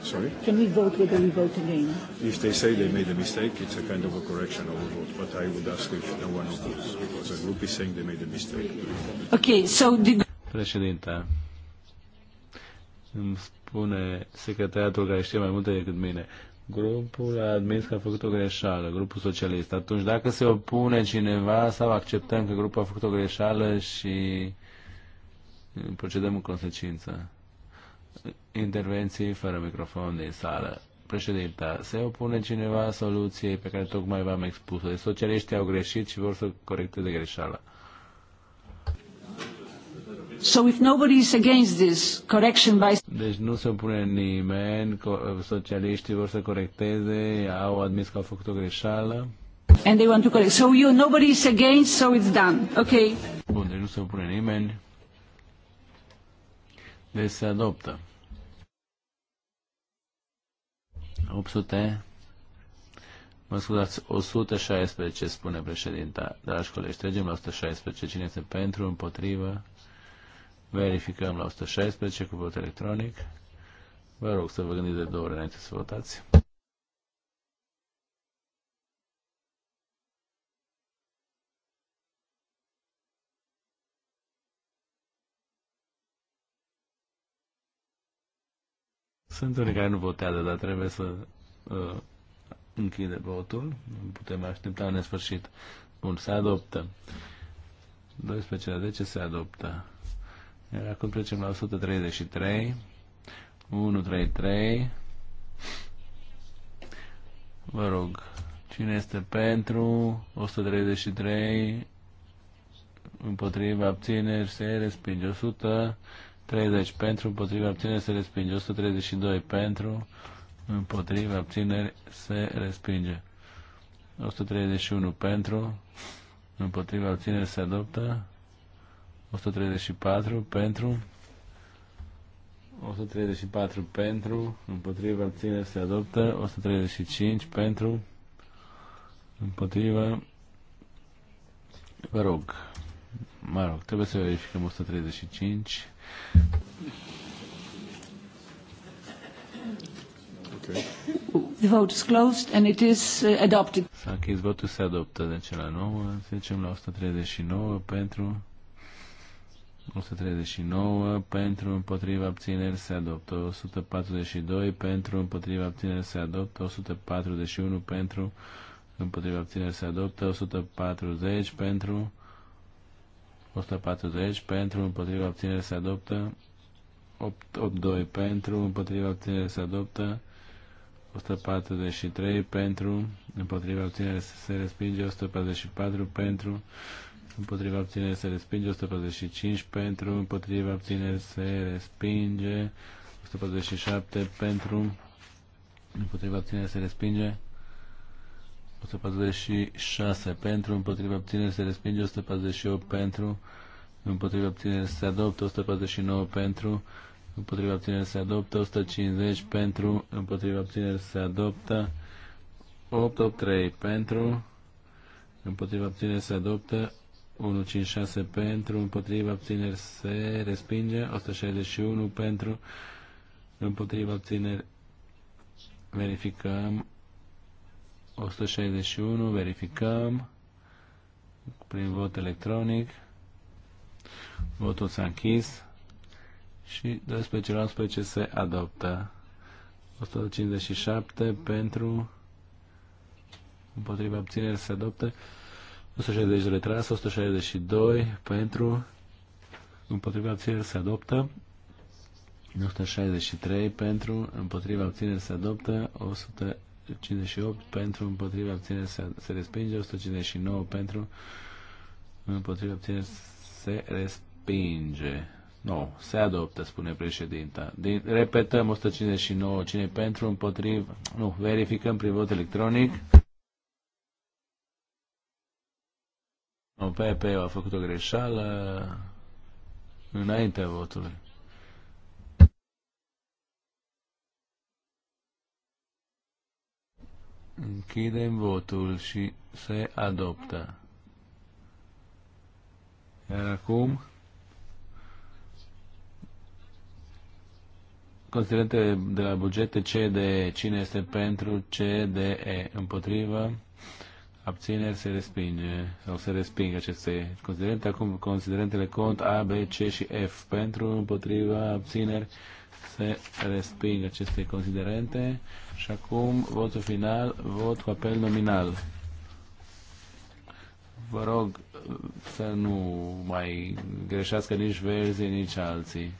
Sorry. Can we vote whether we vote again? If they say they made a mistake, it's a kind of a correction of a vote. But I would ask if no one opposed, because a group is saying they made a mistake. Okay, so the. Președinta, îmi spune secretariatul care știe mai multe decât mine grupul a admis că a făcut o greșeală, grupul socialist. Atunci, dacă se opune cineva sau acceptăm că grupul a făcut o greșeală și procedăm în consecință. Intervenții fără microfon din sală. Președinta, se opune cineva soluției pe care tocmai v-am expus-o. Deci, socialiștii au greșit și vor să corecteze greșeala. So if nobody is against this correction by... Deci nu se opune nimeni, socialiștii vor să corecteze, au admis că au făcut o greșeală. And they want to correct. So you, nobody is against, so it's done. Okay. Bun, deci nu se opune nimeni. Deci se adoptă. 800. Mă scuzați, 116 spune președinta. Dragi colegi, trecem la 116. Cine este pentru, împotrivă? Verificăm la 116 cu vot electronic. Vă rog să vă gândiți de două ori înainte să votați. Sunt unii care nu votează, dar trebuie să uh, închide votul. Nu putem aștepta în nesfârșit. Bun, se adoptă. 12 la 10 se adoptă. Iar acum trecem la 133. 3. Vă rog, cine este pentru 133? Împotriva abțineri se respinge 30 pentru, împotriva abțineri se respinge 132 pentru, împotriva abțineri se respinge 131 pentru, împotriva abțineri se adoptă 134 pentru 134 pentru, împotriva ține se adoptă, 135 pentru, împotriva, vă rog, mă rog, trebuie să verificăm 135. Okay. The vote is closed and it is uh, adopted. S-a închis votul, se adoptă de deci cele 9, zicem la 139 pentru, 139 pentru împotriva abțineri se adoptă, 142 pentru împotriva abțineri se adoptă, 141 pentru împotriva abțineri se adoptă, 140 pentru 140 pentru împotriva abțineri se adoptă, 82 pentru împotriva abțineri se adoptă, 143 pentru împotriva abțineri se respinge, 144 pentru împotriva abțineri se respinge, 145 pentru, împotriva abțineri se respinge, 147 pentru, împotriva abțineri se respinge, 146 pentru, împotriva abțineri se respinge, 148 pentru, împotriva abțineri se adoptă, 149 pentru, împotriva abțineri se adoptă, 150 pentru, împotriva abțineri se adoptă, 883 pentru, împotriva abțineri se adoptă, 156 pentru, împotriva abțineri se respinge, 161 pentru, împotriva abțineri verificăm, 161 verificăm prin vot electronic, votul s-a închis și 12 la 11 se adoptă. 157 pentru, împotriva abțineri se adoptă. 160 retras, 162 pentru, împotriva abțineri se adoptă, 163 pentru, împotriva abțineri se adoptă, 158 pentru, împotriva abțineri se, se respinge, 159 pentru, împotriva abțineri se respinge. Nu, se adoptă, spune președinta. Din, repetăm 159, cine pentru, împotriva, nu, verificăm prin vot electronic. Nu, Pepe a făcut o greșeală înaintea votului. Închidem votul și se adoptă. Iar acum, considerente de la bugete, CDE, cine este pentru, CDE împotrivă, abțineri se respinge sau se resping aceste considerente. Acum considerentele cont A, B, C și F. Pentru, împotriva, abțineri se resping aceste considerente. Și acum votul final, vot cu apel nominal. Vă rog să nu mai greșească nici verzii, nici alții.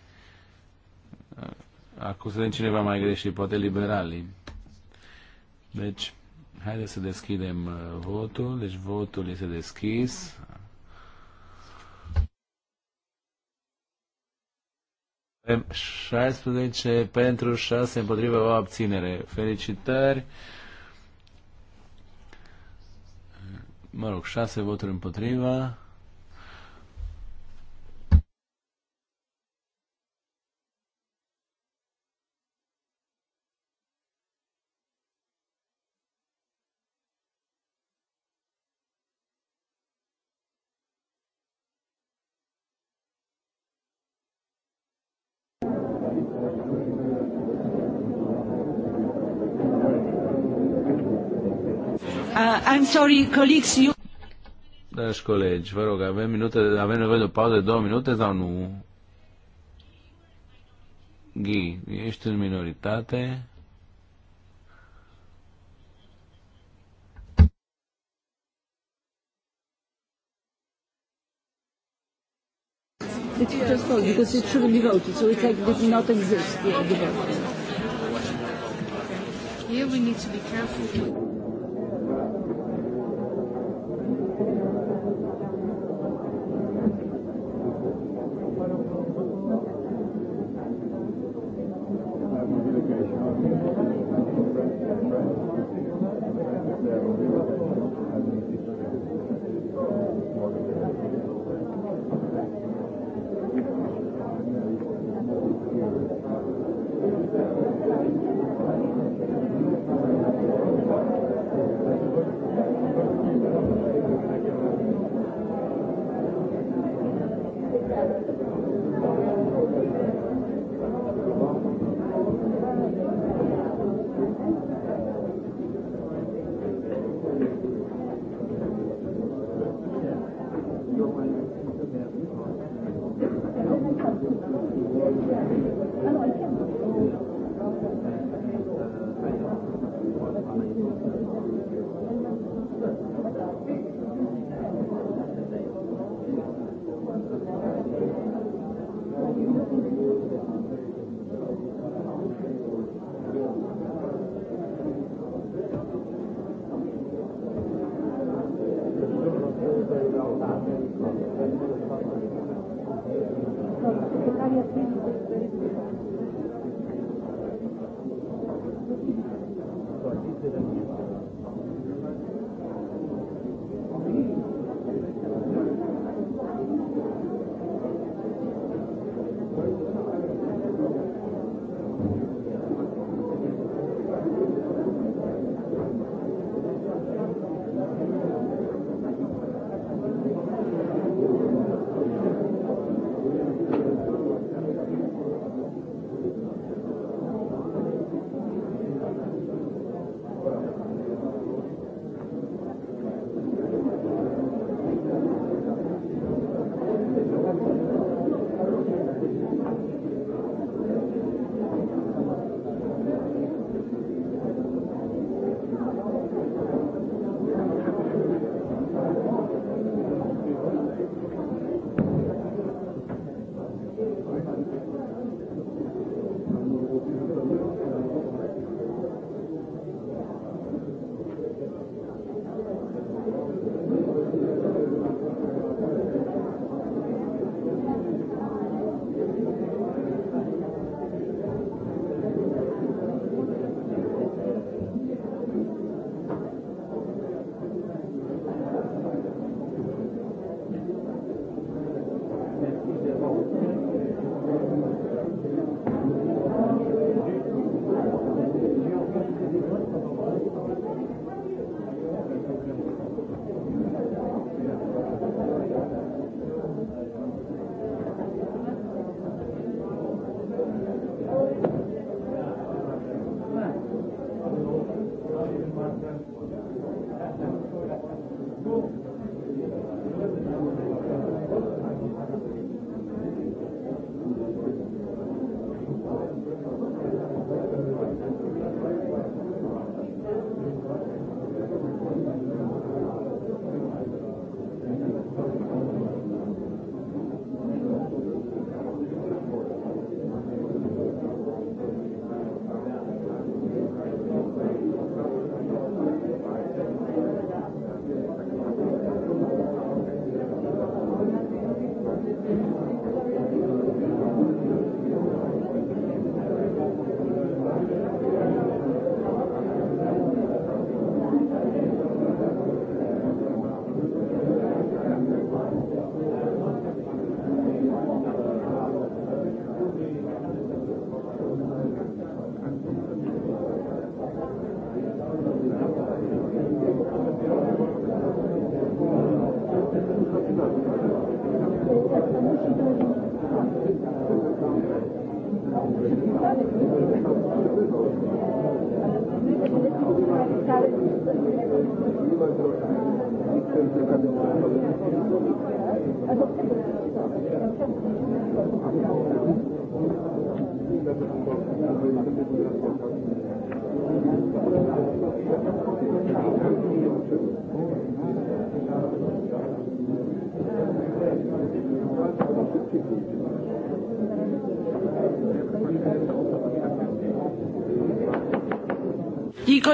Acum să vedem cineva va mai greși, poate liberalii. Deci, Haideți să deschidem uh, votul. Deci votul este deschis. Avem 16 pentru 6 împotriva o abținere. Felicitări! Mă rog, 6 voturi împotriva. sorry, colleagues, you... Dragi colegi, vă rog, avem, minute, avem nevoie de o pauză de două minute sau nu? Ghi, ești în minoritate. It's just false because it shouldn't be voted, so it's like it did not exist, yeah, the vote. Here we need to be careful.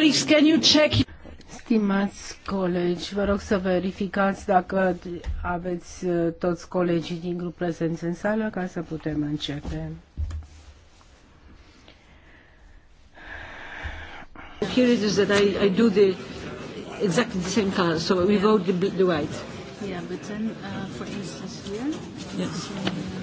colleagues, can you check? Stimați colegi, vă rog să verificați dacă aveți uh, toți colegii din grup prezenți în sală ca să putem începe. Here it is that I, I do the exactly the same color, so we yeah. vote the, the white. Yeah, but then, uh, for instance, here. Yes. Uh,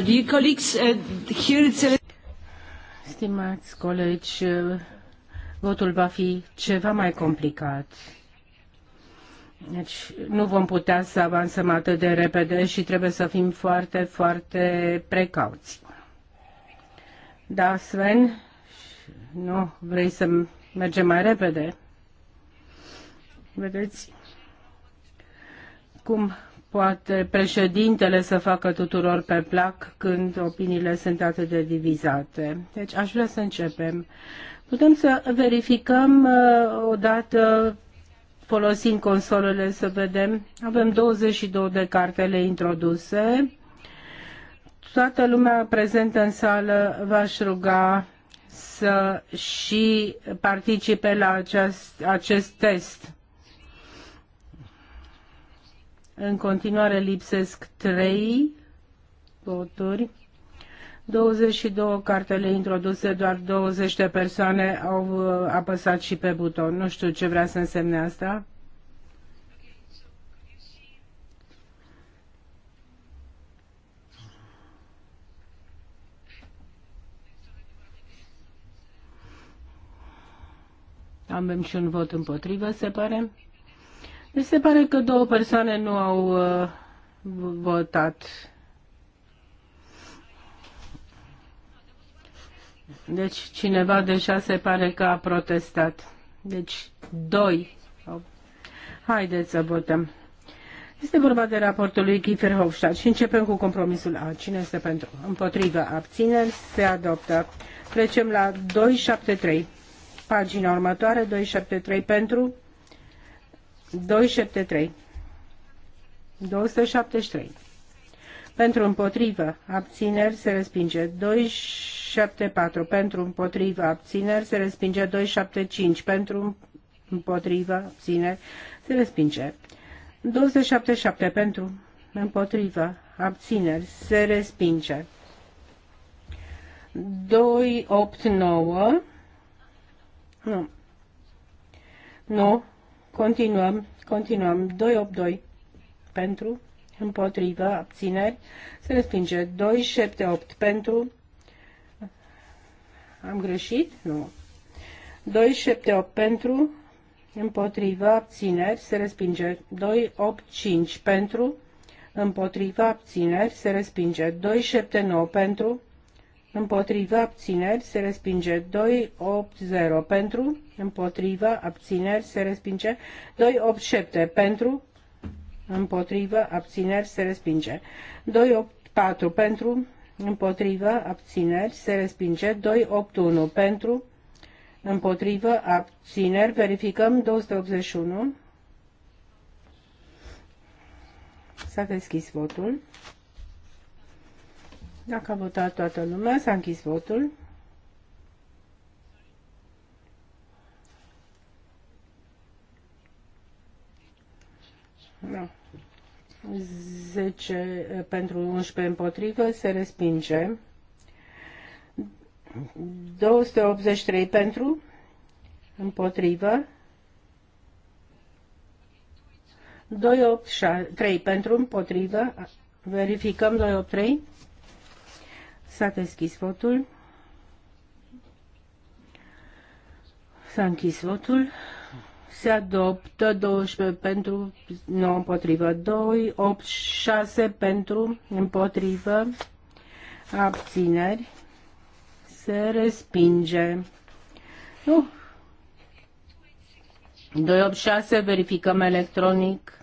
Uh, Stimați colegi, uh, votul va fi ceva mai complicat. Deci nu vom putea să avansăm atât de repede și trebuie să fim foarte, foarte precauți. Da, Sven, nu vrei să mergem mai repede? Vedeți cum poate președintele să facă tuturor pe plac când opiniile sunt atât de divizate. Deci aș vrea să începem. Putem să verificăm uh, odată folosind consolele să vedem. Avem 22 de cartele introduse. Toată lumea prezentă în sală v-aș ruga să și participe la acest, acest test. În continuare lipsesc 3 voturi. 22 cartele introduse, doar 20 de persoane au uh, apăsat și pe buton. Nu știu ce vrea să însemne asta. Avem și un vot împotrivă, se pare. Se pare că două persoane nu au uh, votat. Deci cineva deja se pare că a protestat. Deci doi. Haideți să votăm. Este vorba de raportul lui Kiefer Hofstadt și începem cu compromisul A. Cine este pentru? Împotrivă. Abțineri. Se adoptă. Trecem la 273. Pagina următoare. 273 pentru. 273. 273. Pentru împotrivă, abțineri se respinge 274. Pentru împotrivă, abțineri se respinge 275. Pentru împotrivă, abțineri se respinge 277. Pentru împotrivă, abțineri se respinge 289. Nu. Nu. Continuăm, continuăm. 282 pentru, împotrivă, abțineri, se respinge. 278 pentru, am greșit? Nu. 278 pentru, împotrivă, abțineri, se respinge. 285 pentru, împotrivă, abțineri, se respinge. 279 pentru, împotriva abțineri se respinge 2-8-0 pentru, împotriva abțineri se respinge 2-8-7 pentru, împotriva abțineri se respinge 2-8-4 pentru, împotriva abțineri se respinge 2-8-1 pentru, împotriva abțineri verificăm 281 S-a deschis votul. Dacă a votat toată lumea, s-a închis votul. Da. 10 eh, pentru 11 împotrivă se respinge. 283 pentru împotrivă. 283 pentru împotrivă. Verificăm 283. S-a deschis votul. S-a închis votul. Se adoptă 12 pentru, 9 împotrivă, 2, 8, 6 pentru, împotrivă, abțineri. Se respinge. Nu. 286 verificăm electronic.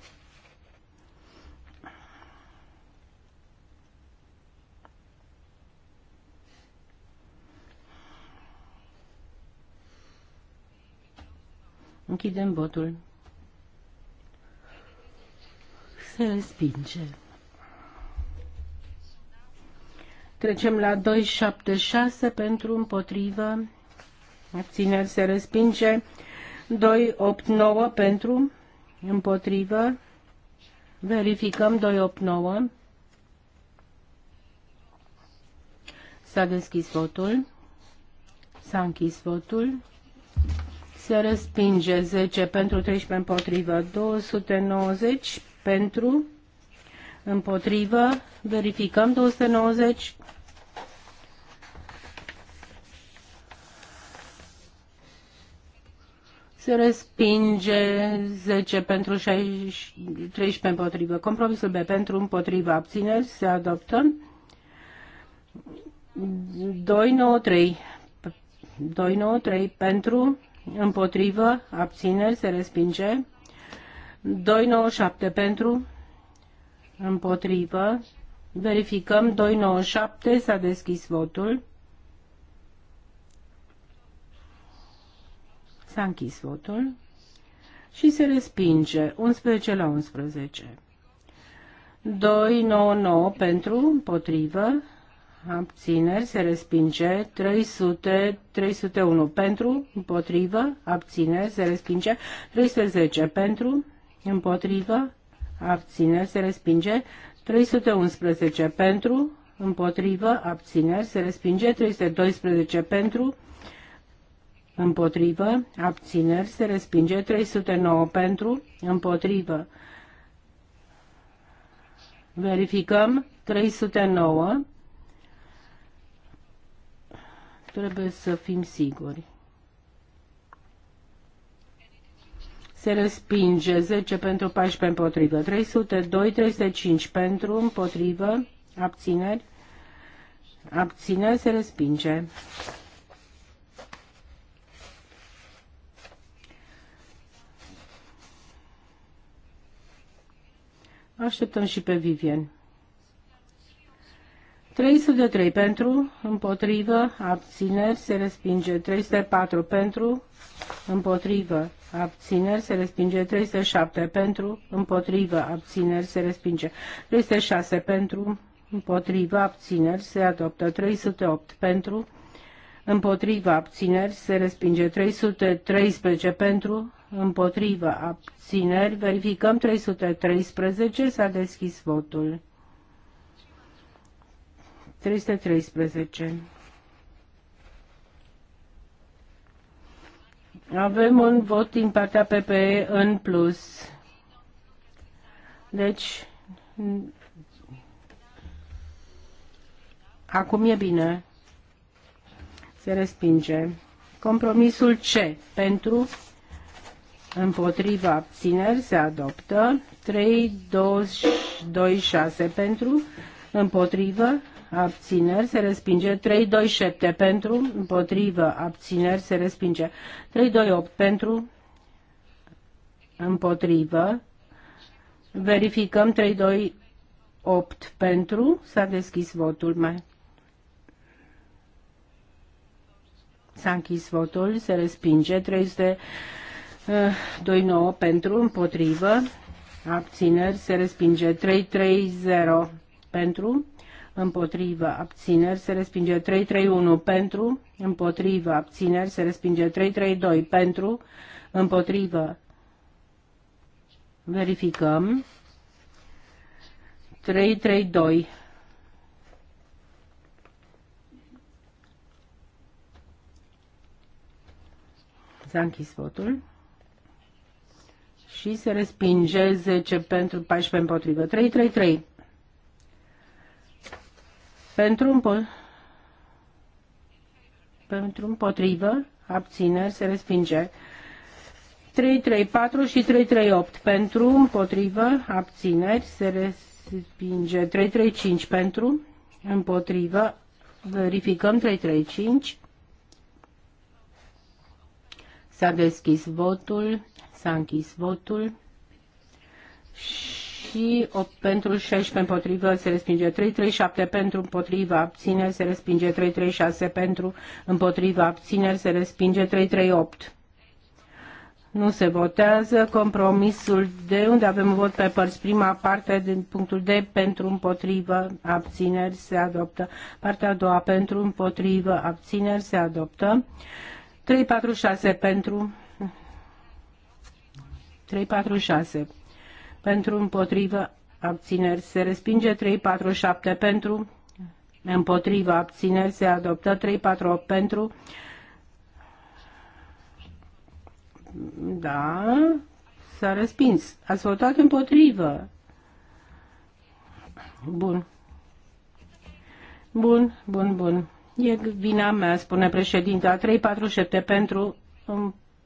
Închidem botul. Se respinge. Trecem la 276 pentru împotrivă. Abțineri se respinge. 289 pentru împotrivă. Verificăm 289. S-a deschis votul. S-a închis votul se respinge 10 pentru 13 împotrivă, 290 pentru împotrivă, verificăm 290. Se respinge 10 pentru 6, 13 împotrivă. Compromisul B pentru împotrivă abțineri se adoptă. 293 293 pentru împotrivă, abțineri, se respinge. 297 pentru, împotrivă, verificăm, 297 s-a deschis votul. S-a închis votul și se respinge 11 la 11. 299 pentru, împotrivă, abțineri, se respinge, 300, 301 pentru, împotrivă, abțineri, se respinge, 310 pentru, împotrivă, abțineri, se respinge, 311 pentru, împotrivă, abțineri, se respinge, 312 pentru, împotrivă, abțineri, se respinge, 309 pentru, împotrivă. Verificăm, 309 Trebuie să fim siguri. Se respinge 10 pentru 14 împotrivă. 302, 305 pentru împotrivă. Abțineri. Abțineri se respinge. Așteptăm și pe Vivian. 303 pentru, împotrivă, abțineri, se respinge. 304 pentru, împotrivă, abțineri, se respinge. 307 pentru, împotrivă, abțineri, se respinge. 306 pentru, împotrivă, abțineri, se adoptă. 308 pentru, împotrivă, abțineri, se respinge. 313 pentru, împotrivă, abțineri, verificăm. 313, s-a deschis votul. 313. Avem un vot din partea PPE în plus. Deci, acum e bine. Se respinge. Compromisul C pentru împotriva abțineri se adoptă. 3, 2, 2 6 pentru împotrivă abțineri se respinge, 327 pentru, împotrivă, abțineri se respinge, 328 pentru, împotrivă, verificăm 328 pentru, s-a deschis votul mai. S-a închis votul, se respinge, 329 uh, pentru, împotrivă, abțineri se respinge, 330 pentru, împotriva abțineri se respinge 331 pentru, împotriva abțineri se respinge 332 pentru, împotriva verificăm 332 S-a închis votul și se respinge 10 pentru 14 împotrivă. 3-3-3 pentru, împo- pentru împotrivă, abțineri, se respinge. 334 și 338 pentru, împotrivă, abțineri, se respinge. 335 pentru, împotrivă, verificăm 335. S-a deschis votul, s-a închis votul. Și și 8 pentru 16 împotrivă se respinge 337 pentru împotriva abțineri se respinge 336 pentru împotriva abțineri se respinge 338. Nu se votează compromisul de unde avem vot pe părți. Prima parte din punctul D pentru împotrivă abțineri se adoptă. Partea a doua pentru împotrivă abțineri se adoptă. 346 pentru 346 pentru împotrivă abțineri se respinge 347 pentru împotrivă abțineri se adoptă 348 pentru da s-a respins ați votat împotrivă bun bun bun bun e vina mea spune președinta 347 pentru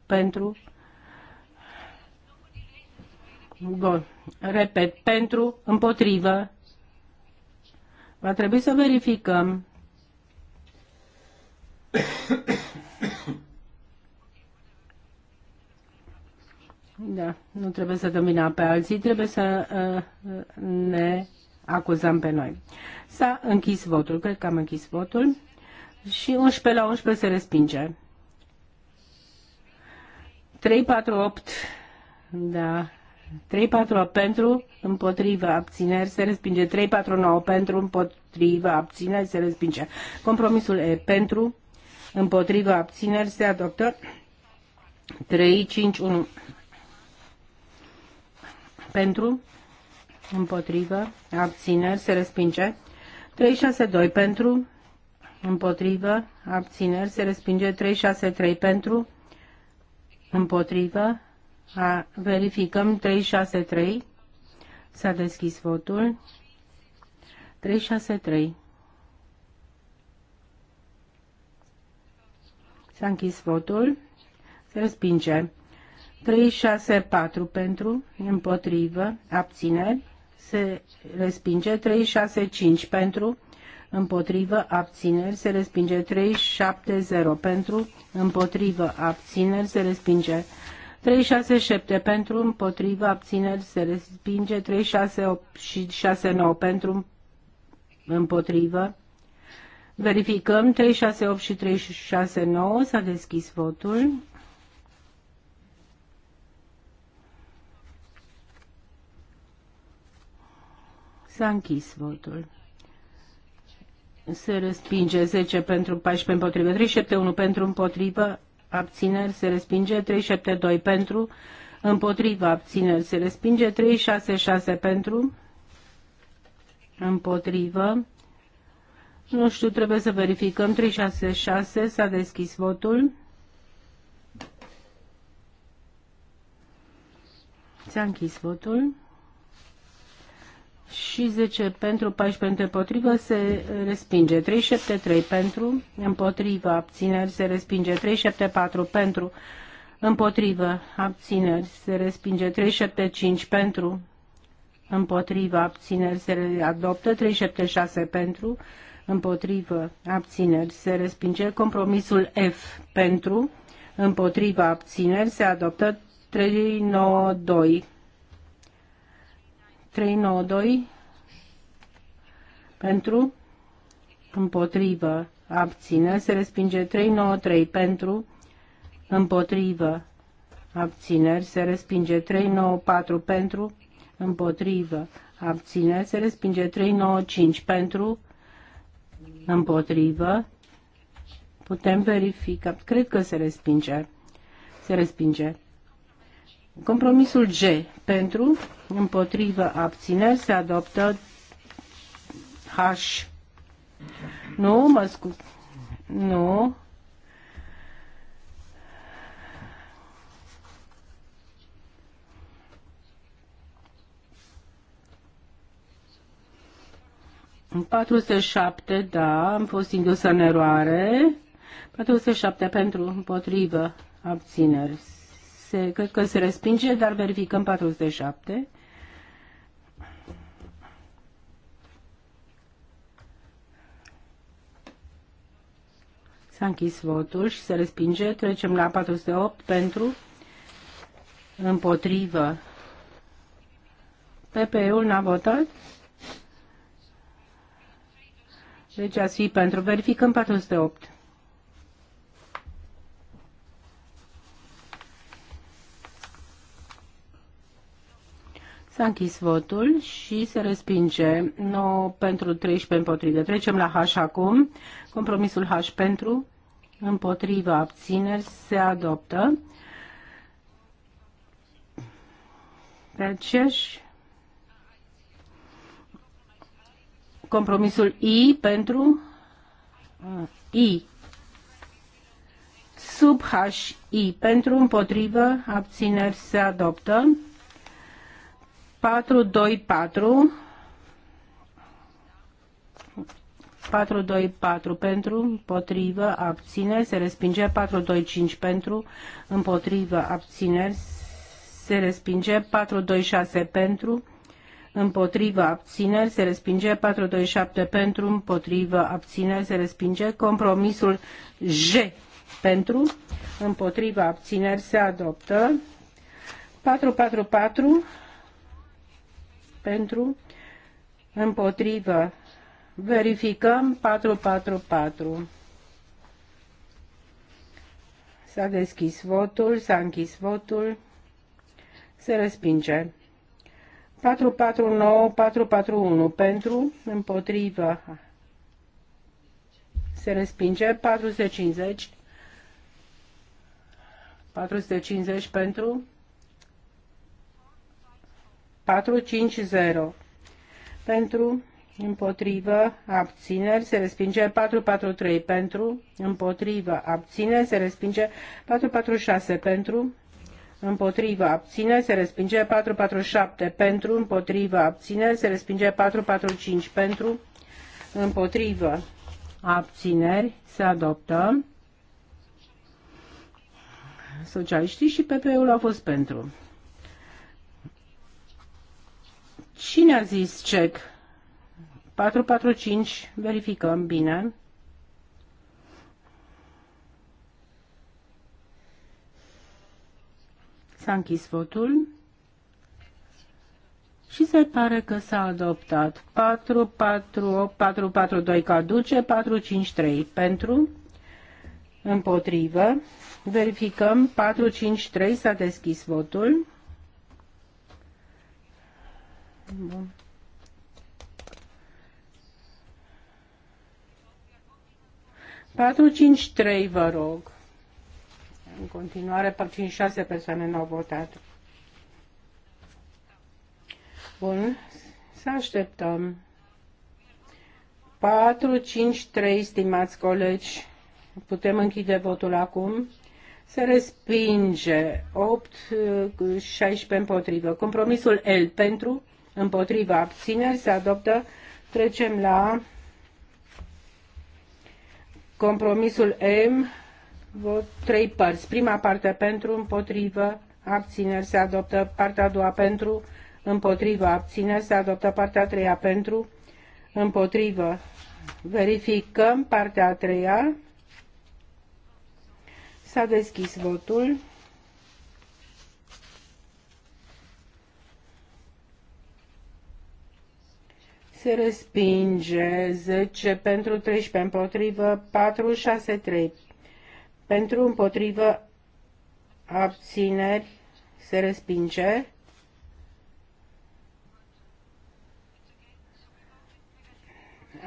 pentru gol. Repet, pentru, împotrivă. Va trebui să verificăm. Da, nu trebuie să domina pe alții, trebuie să uh, ne acuzăm pe noi. S-a închis votul, cred că am închis votul și 11 la 11 se respinge. 3, 4, 8, da, 3-4 pentru, împotriva, abțineri, se respinge. 3-4-9 pentru, împotriva, abțineri, se respinge. Compromisul E pentru, împotriva, abțineri, se adoptă. 3-5-1 pentru, împotrivă, abțineri, se respinge. 362 pentru, împotrivă, abțineri, se respinge. 363 pentru, împotrivă, a, verificăm 363. S-a deschis votul. 363. S-a închis votul. Se respinge. 364 pentru, împotrivă, abțineri. Se respinge. 365 pentru, împotrivă, abțineri. Se respinge. 370 pentru, împotrivă, abțineri. Se respinge. 367 pentru, împotriva, abțineri, se respinge. 368 și 69 pentru, împotrivă. Verificăm 368 și 369. S-a deschis votul. S-a închis votul. Se respinge 10 pentru 14 împotrivă, 371 pentru împotrivă, abțineri se respinge, 372 pentru, împotriva abțineri se respinge, 366 pentru, împotrivă, nu știu, trebuie să verificăm, 366 s-a deschis votul. S-a închis votul și 10 pentru, 14 pentru împotrivă, se respinge. 373 pentru, împotrivă, abțineri, se respinge. 374 pentru, împotrivă, abțineri, se respinge. 375 pentru, împotrivă, abțineri, se adoptă. 376 pentru, împotrivă, abțineri, se respinge. Compromisul F pentru, împotrivă, abțineri, se adoptă. 392 392 pentru, împotrivă, abține, se respinge 393 pentru, împotrivă, abțineri, se respinge 394 pentru, împotrivă, abțineri, se respinge 395 pentru, împotrivă, putem verifica, cred că se respinge, se respinge Compromisul G pentru, împotrivă, abțineri se adoptă H. Nu, mă scu... Nu. În 407, da, am fost indusă în eroare. 407 pentru, împotrivă, abțineri se, cred că se respinge, dar verificăm 47. S-a închis votul și se respinge. Trecem la 408 pentru împotrivă. PPE-ul n-a votat. Deci ați fi pentru. Verificăm 408. S-a închis votul și se respinge 9 pentru 13 împotrivă. Trecem la H acum. Compromisul H pentru împotriva abțineri se adoptă. Pe aceeași compromisul I pentru I sub H I pentru împotrivă abțineri se adoptă. 424 424 pentru, împotrivă, abțineri, se respinge 425 pentru, împotrivă, abțineri, se respinge 426 pentru, împotrivă, abțineri, se respinge 427 pentru, împotrivă, abțineri, se respinge compromisul J pentru, împotrivă, abțineri, se adoptă 444 pentru, împotrivă, verificăm 444. S-a deschis votul, s-a închis votul, se respinge. 449, 441 pentru, împotrivă, se respinge, 450, 450 pentru, 4-5-0 pentru, împotrivă, abțineri, se respinge 4-4-3 pentru, împotrivă, abțineri, se respinge 4-4-6 pentru, împotrivă, abțineri, se respinge 4-4-7 pentru, împotrivă, abțineri, se respinge 4-4-5 pentru, împotrivă, abțineri, se adoptă. Socialiștii și PP-ul au fost pentru. Cine a zis cec? 445, verificăm bine. S-a închis votul și se pare că s-a adoptat 4, 4, 8, 4, 4, 2 caduce, 4, 5, 3 pentru, împotrivă. Verificăm, 4, 5, 3 s-a deschis votul. Bun. Patru, cinci, trei, vă rog. În continuare, cinci șase persoane n-au votat. Bun, să așteptăm. 4, 5, 3, stimați colegi, putem închide votul acum. Se respinge 8, 16 împotrivă. Compromisul L pentru, împotriva abțineri se adoptă. Trecem la compromisul M, vot trei părți. Prima parte pentru, împotrivă, abțineri se adoptă. Partea a doua pentru, împotrivă, abțineri se adoptă. Partea a treia pentru, împotrivă. Verificăm partea a treia. S-a deschis votul. se respinge 10 pentru 13 împotrivă 4 6 3 pentru împotrivă abțineri se respinge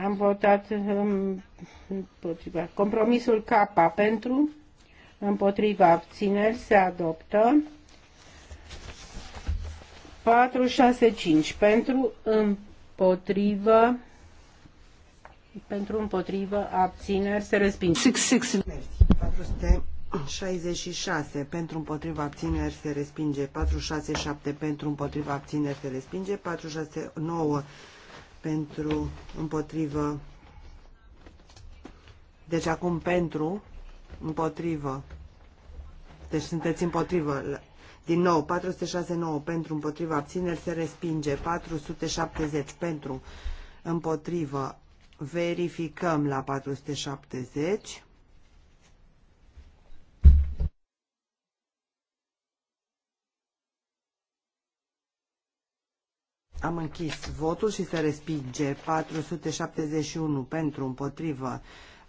am votat împotriva compromisul K pentru împotriva abțineri se adoptă 4 6 5 pentru împotriva împotrivă pentru împotrivă abțineri se respinge. 466 pentru împotriva abțineri se respinge, 467 pentru împotriva abțineri se respinge, 469 pentru împotrivă deci acum pentru împotrivă deci sunteți împotrivă din nou, 469 pentru împotriva abțineri se respinge, 470 pentru împotrivă. Verificăm la 470. Am închis votul și se respinge 471 pentru împotrivă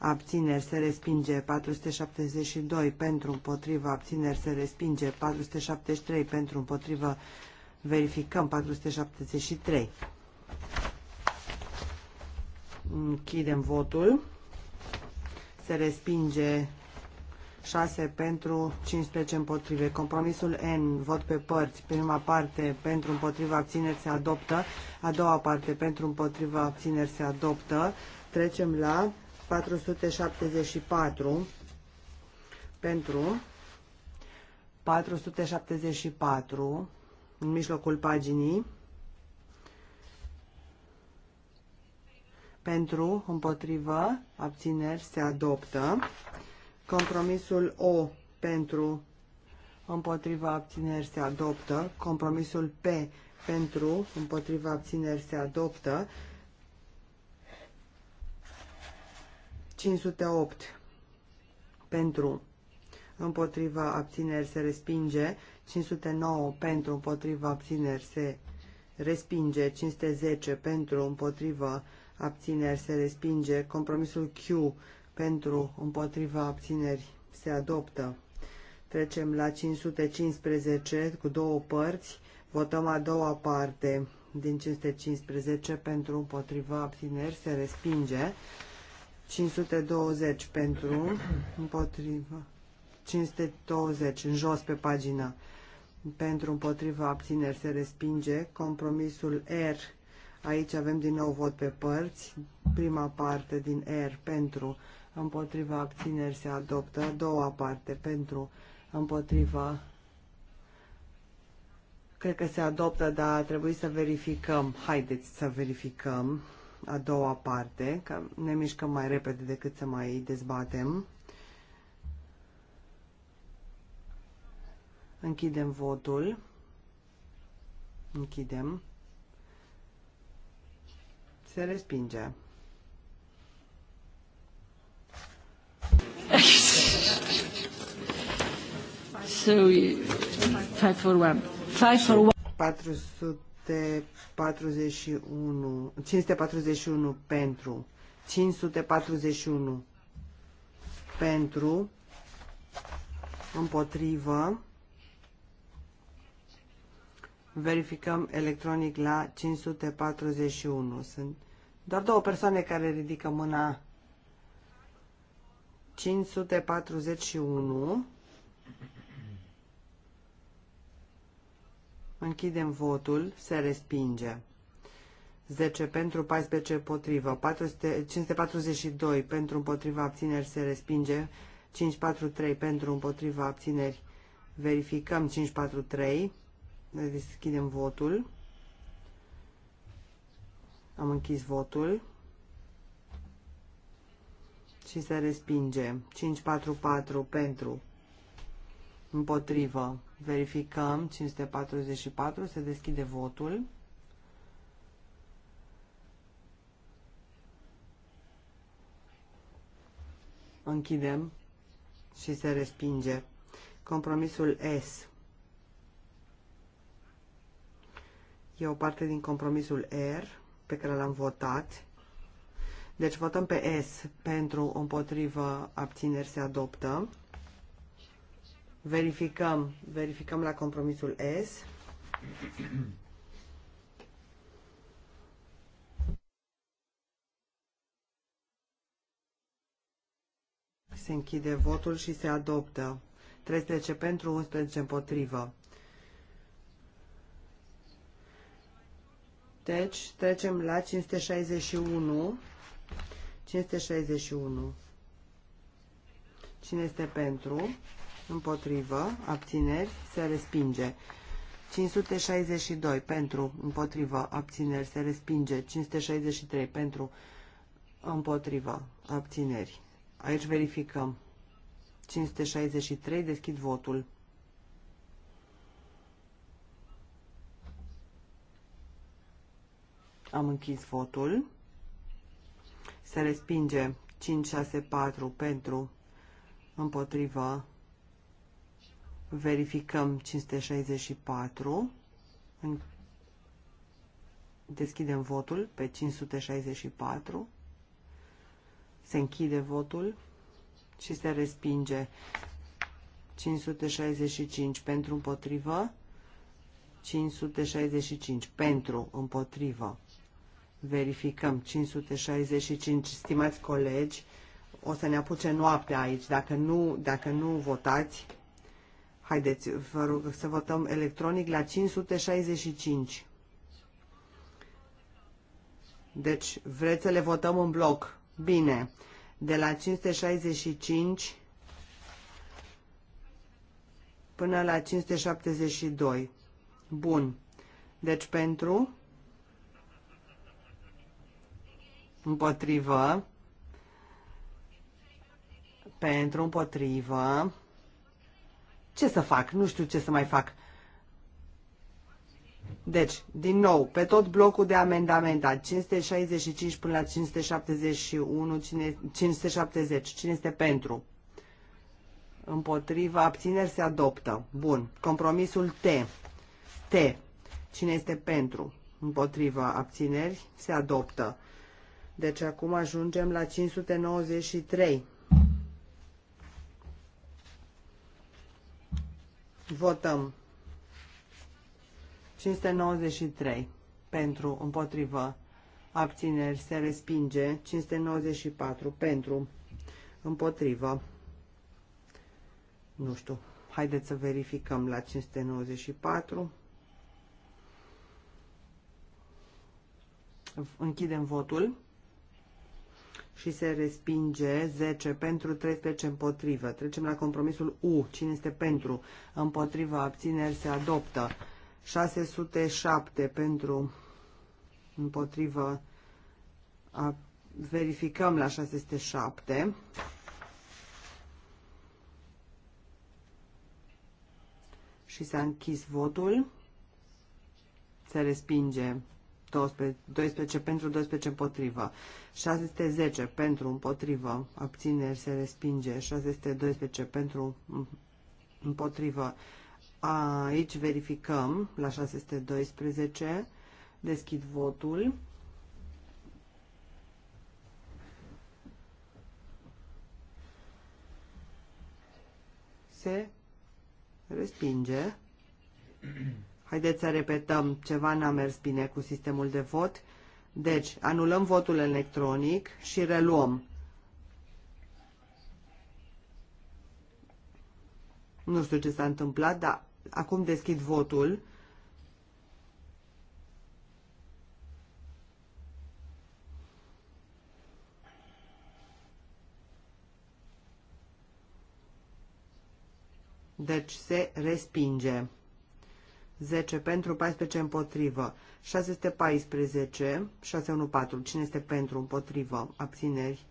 abțineri se respinge 472 pentru împotrivă, abțineri se respinge 473 pentru împotrivă, verificăm 473 închidem votul se respinge 6 pentru 15 împotrive compromisul N, vot pe părți prima parte pentru împotriva abțineri se adoptă a doua parte pentru împotriva abțineri se adoptă trecem la 474 pentru 474 în mijlocul paginii pentru, împotrivă, abțineri se adoptă compromisul O pentru împotrivă abțineri se adoptă, compromisul P pentru împotrivă abțineri se adoptă, 508 pentru împotriva abțineri se respinge, 509 pentru împotriva abțineri se respinge, 510 pentru împotriva abțineri se respinge, compromisul Q pentru împotriva abțineri se adoptă. Trecem la 515 cu două părți, votăm a doua parte din 515 pentru împotriva abțineri se respinge. 520 pentru, împotriva 520 în jos pe pagina pentru, împotriva abțineri se respinge, compromisul R, aici avem din nou vot pe părți, prima parte din R pentru, împotriva abțineri se adoptă, a doua parte pentru, împotriva, cred că se adoptă, dar trebuie să verificăm, haideți să verificăm a doua parte, că ne mișcăm mai repede decât să mai dezbatem. Închidem votul. Închidem. Se respinge. so, 5 for 1. 5 for 1. 400 541, 541 pentru, 541 pentru, împotrivă, verificăm electronic la 541. Sunt doar două persoane care ridică mâna 541 Închidem votul. Se respinge. 10 pentru, 14 potrivă. 400, 542 pentru împotriva abțineri se respinge. 543 pentru împotriva abțineri. Verificăm 543. Deschidem votul. Am închis votul. Și se respinge. 544 pentru împotrivă. Verificăm 544, se deschide votul. Închidem și se respinge. Compromisul S. E o parte din compromisul R pe care l-am votat. Deci votăm pe S pentru împotrivă abțineri se adoptă. Verificăm. Verificăm la compromisul S. Se închide votul și se adoptă. 13 pentru, 11 împotrivă. Deci, trecem la 561. 561. Cine este pentru? împotrivă, abțineri, se respinge. 562 pentru, împotrivă, abțineri, se respinge. 563 pentru, împotrivă, abțineri. Aici verificăm. 563, deschid votul. Am închis votul. Se respinge 564 pentru, împotriva, verificăm 564. Deschidem votul pe 564. Se închide votul și se respinge 565 pentru împotrivă, 565 pentru împotrivă. Verificăm 565, stimați colegi, o să ne apuce noaptea aici. Dacă nu, dacă nu votați, Haideți, vă rog să votăm electronic la 565. Deci, vreți să le votăm în bloc? Bine. De la 565 până la 572. Bun. Deci, pentru... Împotrivă. Pentru împotrivă ce să fac, nu știu ce să mai fac. Deci, din nou, pe tot blocul de amendament, 565 până la 571, cine, 570, cine este pentru? Împotriva, abțineri se adoptă. Bun. Compromisul T. T. Cine este pentru? Împotriva, abțineri se adoptă. Deci acum ajungem la 593. Votăm. 593 pentru, împotrivă, abțineri, se respinge. 594 pentru, împotrivă. Nu știu. Haideți să verificăm la 594. Închidem votul și se respinge 10 pentru 13 împotrivă. Trecem la compromisul U. Cine este pentru? Împotrivă abțineri se adoptă. 607 pentru împotrivă a, verificăm la 607 și s-a închis votul se respinge 12, 12 pentru, 12 împotrivă. 610 pentru, împotrivă, abțineri se respinge. 612 pentru, împotrivă. Aici verificăm la 612. Deschid votul. Se respinge. Haideți să repetăm, ceva n-a mers bine cu sistemul de vot. Deci, anulăm votul electronic și reluăm. Nu știu ce s-a întâmplat, dar acum deschid votul. Deci se respinge. 10 pentru, 14 împotrivă. 614, 614, cine este pentru, împotrivă, abțineri,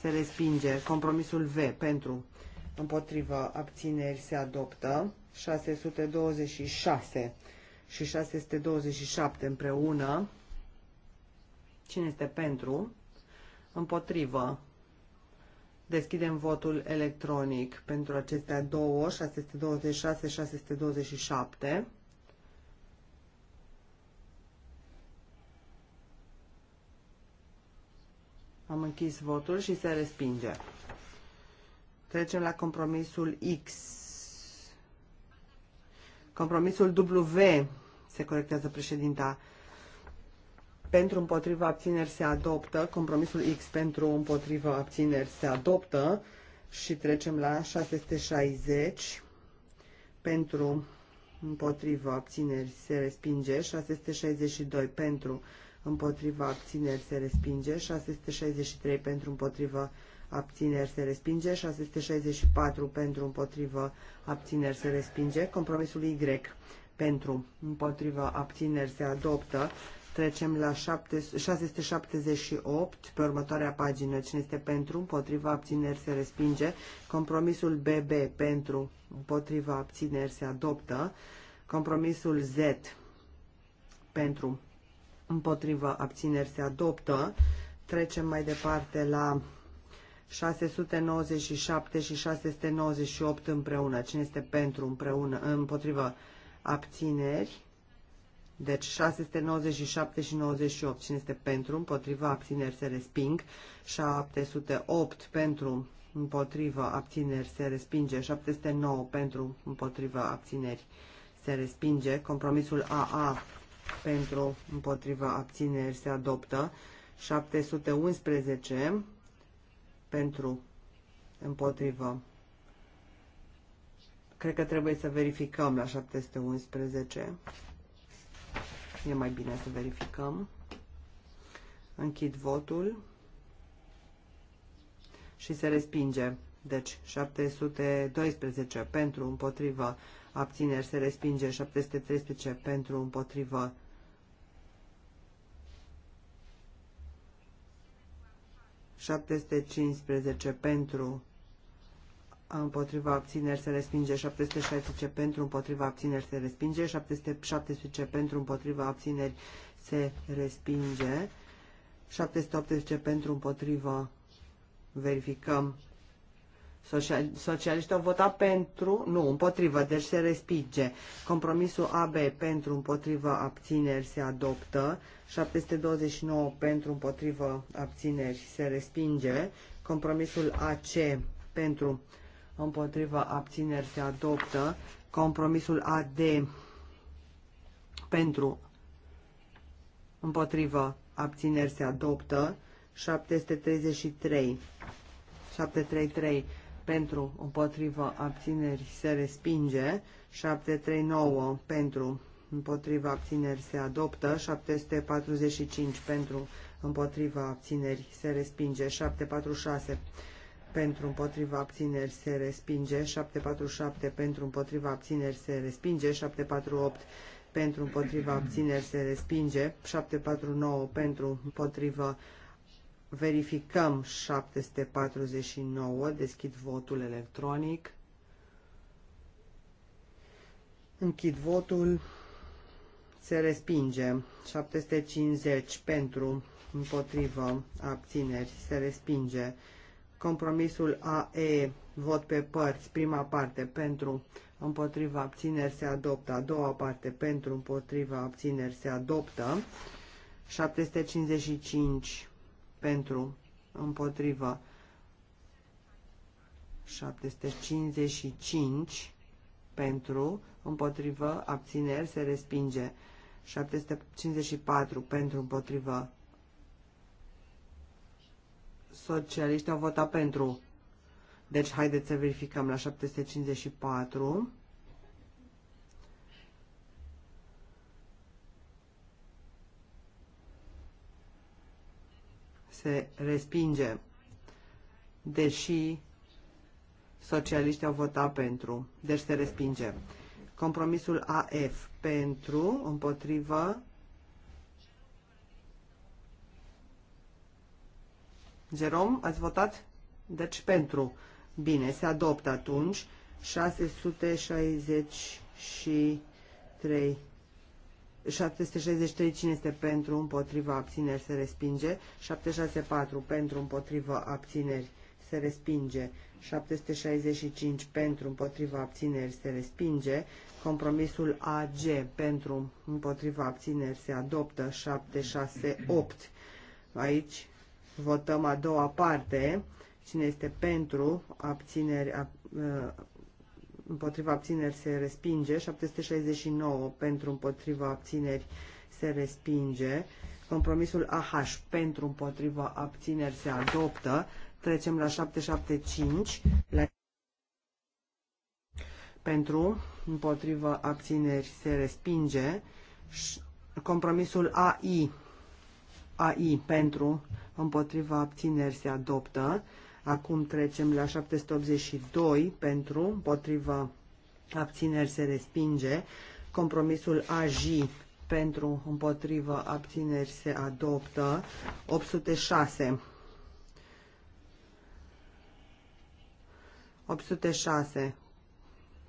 se respinge. Compromisul V, pentru, împotrivă, abțineri, se adoptă. 626 și 627 împreună. Cine este pentru? Împotrivă. Deschidem votul electronic pentru acestea două, 626-627. Am închis votul și se respinge. Trecem la compromisul X. Compromisul W, se corectează președinta. Pentru împotriva abțineri se adoptă. Compromisul X pentru împotriva abțineri se adoptă. Și trecem la 660. Pentru împotriva abțineri se respinge. 662 pentru împotriva abțineri se respinge, 663 pentru împotriva abțineri se respinge, 664 pentru împotriva abțineri se respinge, compromisul Y pentru împotriva abțineri se adoptă, trecem la 7, 678 pe următoarea pagină, cine este pentru, împotriva abțineri se respinge, compromisul BB pentru împotriva abțineri se adoptă, compromisul Z pentru împotrivă, abțineri se adoptă. Trecem mai departe la 697 și 698 împreună. Cine este pentru împreună, împotrivă abțineri? Deci 697 și 98. Cine este pentru împotrivă abțineri se resping. 708 pentru împotrivă abțineri se respinge. 709 pentru împotrivă abțineri se respinge. Compromisul AA pentru împotriva abțineri se adoptă, 711 pentru împotrivă. Cred că trebuie să verificăm la 711. E mai bine să verificăm. Închid votul și se respinge. Deci 712 pentru împotrivă abțineri se respinge, 713 pentru împotrivă. șapteste pentru împotriva abțineri se respinge, 716 pentru împotriva abțineri se respinge, 717 pentru împotriva abțineri se respinge, 718 pentru împotriva verificăm Socialiștii au votat pentru, nu, împotrivă, deci se respinge. Compromisul AB pentru, împotrivă, abțineri se adoptă. 729 pentru, împotrivă, abțineri se respinge. Compromisul AC pentru, împotrivă, abțineri se adoptă. Compromisul AD pentru, împotrivă, abțineri se adoptă. 733 733 pentru, împotrivă, abțineri, se respinge. 739 pentru, împotrivă, abțineri, se adoptă. 745 pentru, împotrivă, abțineri, se respinge. 746 pentru împotriva abțineri se respinge, 747 pentru împotriva abțineri se respinge, 748 pentru împotriva abțineri se respinge, 749 pentru împotriva Verificăm 749, deschid votul electronic. Închid votul. Se respinge. 750 pentru, împotrivă, abțineri. Se respinge. Compromisul AE, vot pe părți, prima parte pentru, împotriva abțineri se adoptă. A doua parte pentru, împotriva abțineri se adoptă. 755 pentru, împotrivă, 755 pentru, împotrivă, abțineri, se respinge. 754 pentru, împotrivă. socialiști au votat pentru. Deci, haideți să verificăm la 754. se respinge, deși socialiștii au votat pentru, deci se respinge. Compromisul AF pentru, împotrivă, Jerome, ați votat? Deci pentru. Bine, se adoptă atunci 663 763 cine este pentru, împotriva, abțineri, se respinge. 764 pentru, împotriva, abțineri, se respinge. 765 pentru, împotriva, abțineri, se respinge. Compromisul AG pentru, împotriva, abțineri, se adoptă. 768. Aici votăm a doua parte. Cine este pentru, abțineri, ab, împotriva abțineri se respinge, 769 pentru împotriva abțineri se respinge, compromisul AH pentru împotriva abțineri se adoptă, trecem la 775, la pentru, împotriva abțineri se respinge, compromisul AI, AI pentru, împotriva abțineri se adoptă, Acum trecem la 782 pentru, împotriva abțineri se respinge. Compromisul AJ pentru, împotrivă abțineri se adoptă. 806. 806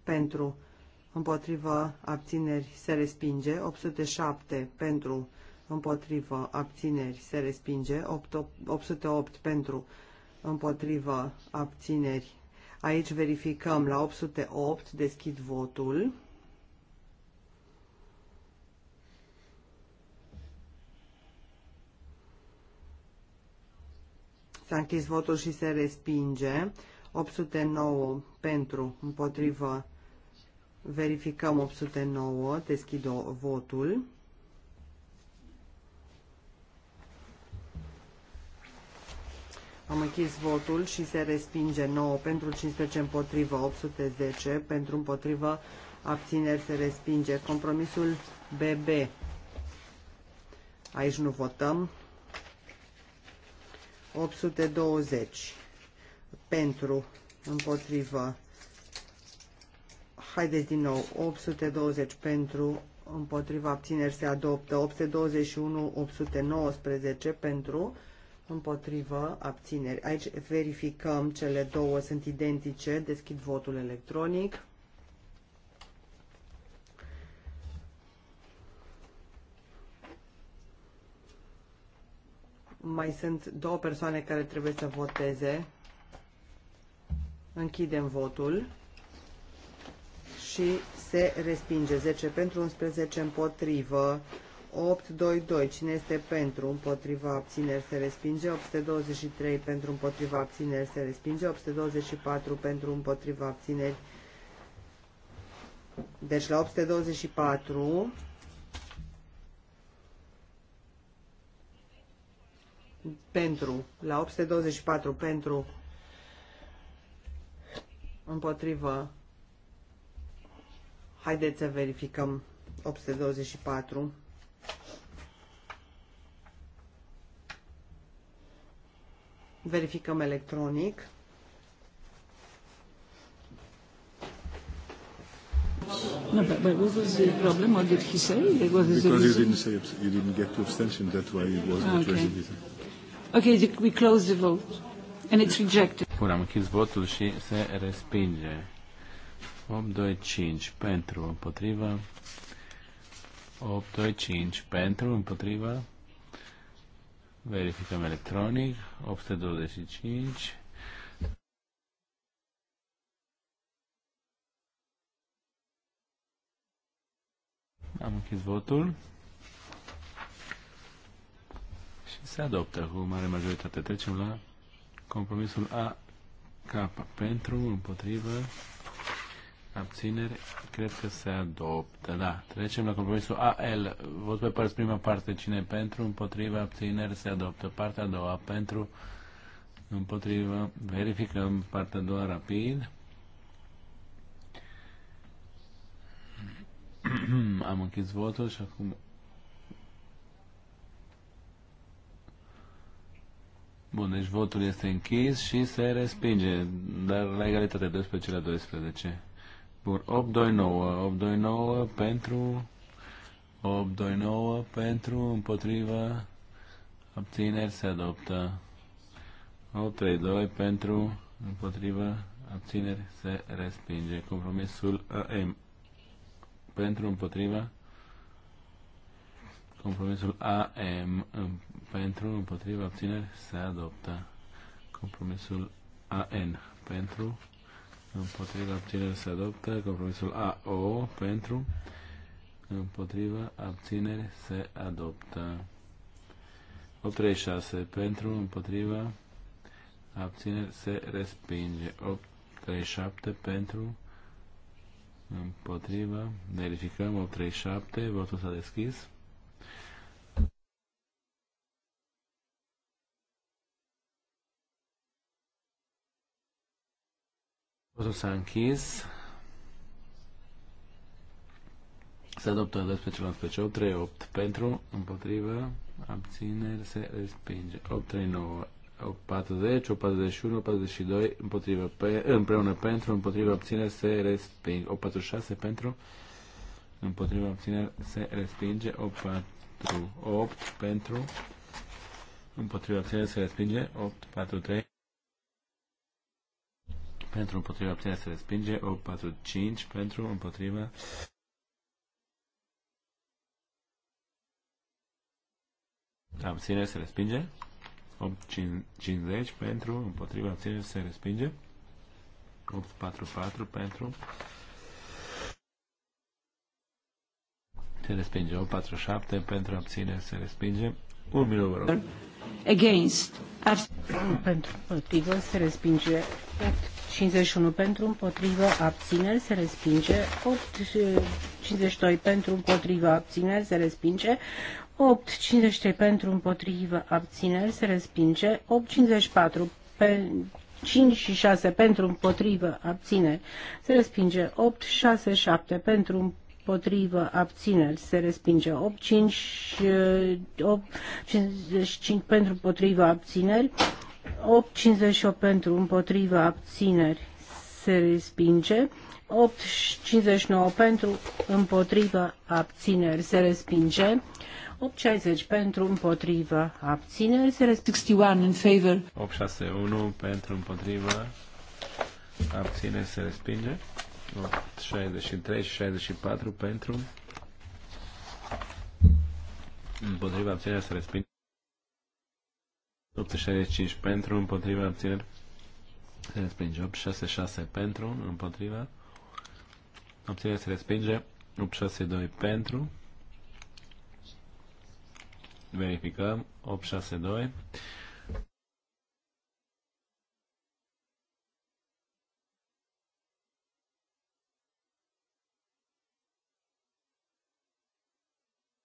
pentru, împotrivă abțineri se respinge. 807 pentru, împotrivă abțineri se respinge. 8, 808 pentru, împotrivă, abțineri. Aici verificăm la 808, deschid votul. S-a închis votul și se respinge. 809 pentru, împotrivă, verificăm 809, deschid votul. Am închis votul și se respinge 9 pentru 15 împotrivă, 810 pentru împotrivă, abțineri se respinge. Compromisul BB. Aici nu votăm. 820 pentru împotrivă. Haideți din nou. 820 pentru împotriva abțineri se adoptă. 821, 819 pentru împotrivă, abțineri. Aici verificăm, cele două sunt identice, deschid votul electronic. Mai sunt două persoane care trebuie să voteze. Închidem votul și se respinge 10 pentru 11 împotrivă. 822. Cine este pentru, împotriva, abțineri, se respinge. 823 pentru, împotriva, abțineri, se respinge. 824 pentru, împotriva, abțineri. Deci la 824 pentru, la 824 pentru, împotrivă, haideți să verificăm 824 Verificăm electronic. No, but, but what was the problem? What did he say? It was because you didn't say you didn't get to abstention. That's why it was not okay. resolution. Okay, the, we close the vote, and it's rejected. Bun, am închis votul și se respinge. 8, 2, 5 pentru, împotriva. 8, 2, 5 pentru, împotriva. Verificăm electronic. 825. Am închis votul. Și se adoptă cu mare majoritate. Trecem la compromisul A, K, pentru, împotrivă, abțineri, cred că se adoptă, da. Trecem la compromisul AL, vot pe părți prima parte, cine pentru, împotriva, abțineri, se adoptă. Partea a doua, pentru, împotriva, verificăm partea a doua rapid. Am închis votul și acum Bun, deci votul este închis și se respinge, dar la egalitate 12 la 12. Strasbourg. 829, 829 pentru, 829 pentru, împotriva, abțineri se adoptă. 832 pentru, împotriva, abțineri se respinge. Compromisul AM pentru, împotriva, compromisul AM pentru, împotriva, abțineri se adoptă. Compromisul AN pentru, Împotriva abținerii se adoptă. Compromisul AO pentru. Împotriva abțineri se adoptă. 836 pentru. Împotriva abțineri se respinge. 837 pentru. Împotriva. Verificăm 837. Votul s-a deschis. Votul s-a închis. Se adoptă 12 la 11, 8, 3, 8 pentru, împotrivă, abțineri, se respinge. 8, 3, 9, 8, 40, 8, 41, 8, 42, împotrivă, pe, împreună pentru, împotrivă, abțineri, se respinge. 8, 46 pentru, împotrivă, abțineri, se respinge. 8, 4, 8 pentru, împotrivă, abțineri, se respinge. 8, 4, 3 pentru împotriva puterea se respinge, 845 pentru împotriva abținere se respinge, 850 pentru împotriva abținere se respinge, 844 pentru se respinge, 847 pentru abținere se respinge, un minut, vă rog. Against. Pentru împotriva se respinge 51 pentru, împotrivă, abțineri, se respinge. 8, 52 eh, pentru, împotrivă, abțineri, se respinge. 8, 53 pentru, împotrivă, abțineri, se respinge. 8, 54 pentru. 5 și 6 pentru, împotrivă, abțineri, se respinge. 8, 6, 7 pentru, împotrivă, abțineri, se respinge 8, 5, 8, 55 pentru împotrivă, abțineri, 8,58 pentru împotriva abțineri se respinge. 8,59 pentru împotriva abțineri se respinge. 8,60 pentru împotriva abțineri se respinge. 61 in favor. 8,61 pentru împotriva abțineri se respinge. 8,63 și 64 pentru împotriva abțineri se respinge. 865 pentru, împotriva, abțineri, se respinge. 866 pentru, împotriva, abțineri, se respinge. 862 pentru, verificăm, 862.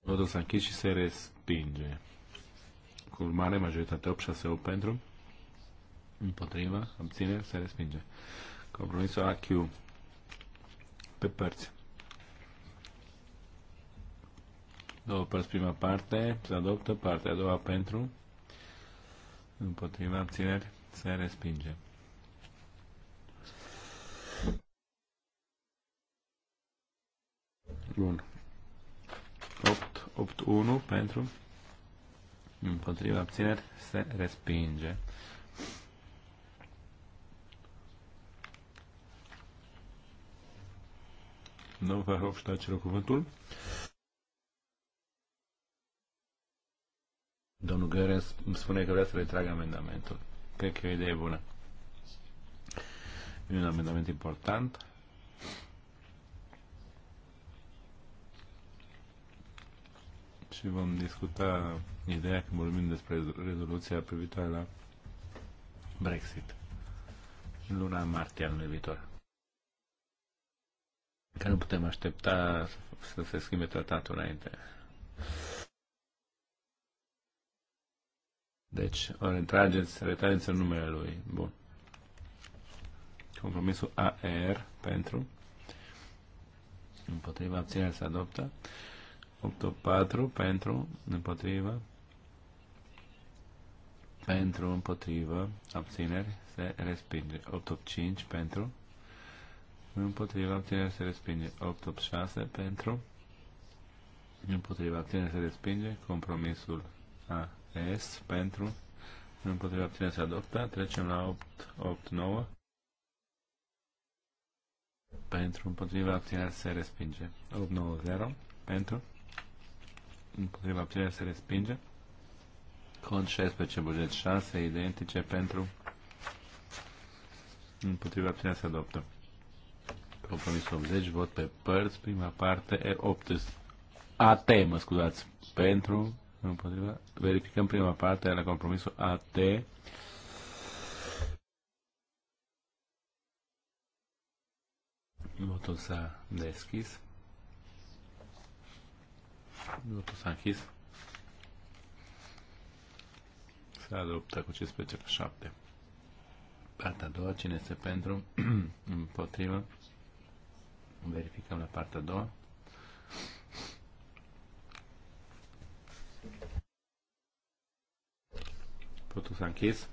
Votul s-a închis și se respinge cu mare majoritate 8 868 pentru, împotriva, abține, se respinge. Compromisul AQ pe părți. Două părți, prima parte, se adoptă partea a doua pentru, împotriva abțineri, se respinge. Bun. 8, 8, 1 pentru împotriva abțineri se respinge. vă rog a cerut cuvântul. Domnul Gărens îmi spune că vrea să retragă amendamentul. Cred că e o idee bună. E un amendament important. și vom discuta ideea când vorbim despre rezoluția privitoare la Brexit în luna martie anului viitor. Că nu putem aștepta să se schimbe tratatul înainte. Deci, o retrageți, retrageți în numele lui. Bun. Compromisul AR pentru împotriva abținerea se adoptă. 84 pentru, împotrivă, pentru, împotrivă, abțineri, se respinge. 85 pentru, împotrivă, abțineri, se respinge. 86 pentru, împotrivă, abțineri, se respinge. Compromisul AS pentru, împotrivă, abțineri, se adoptă. Trecem la 889 pentru, împotriva, abțineri, se respinge. 890 pentru, împotriva abținere se respinge. Cod 16, buget 6, identice pentru împotriva abținere se adoptă. Compromisul 80, vot pe părți, prima parte, e 18. AT, mă scuzați, pentru împotriva. Verificăm prima parte la compromisul AT. Votul s-a deschis. Minutul s-a închis. Se adoptă cu 15 cu 7. Partea a doua, cine este pentru, împotrivă. Verificăm la partea a doua. Votul s-a închis.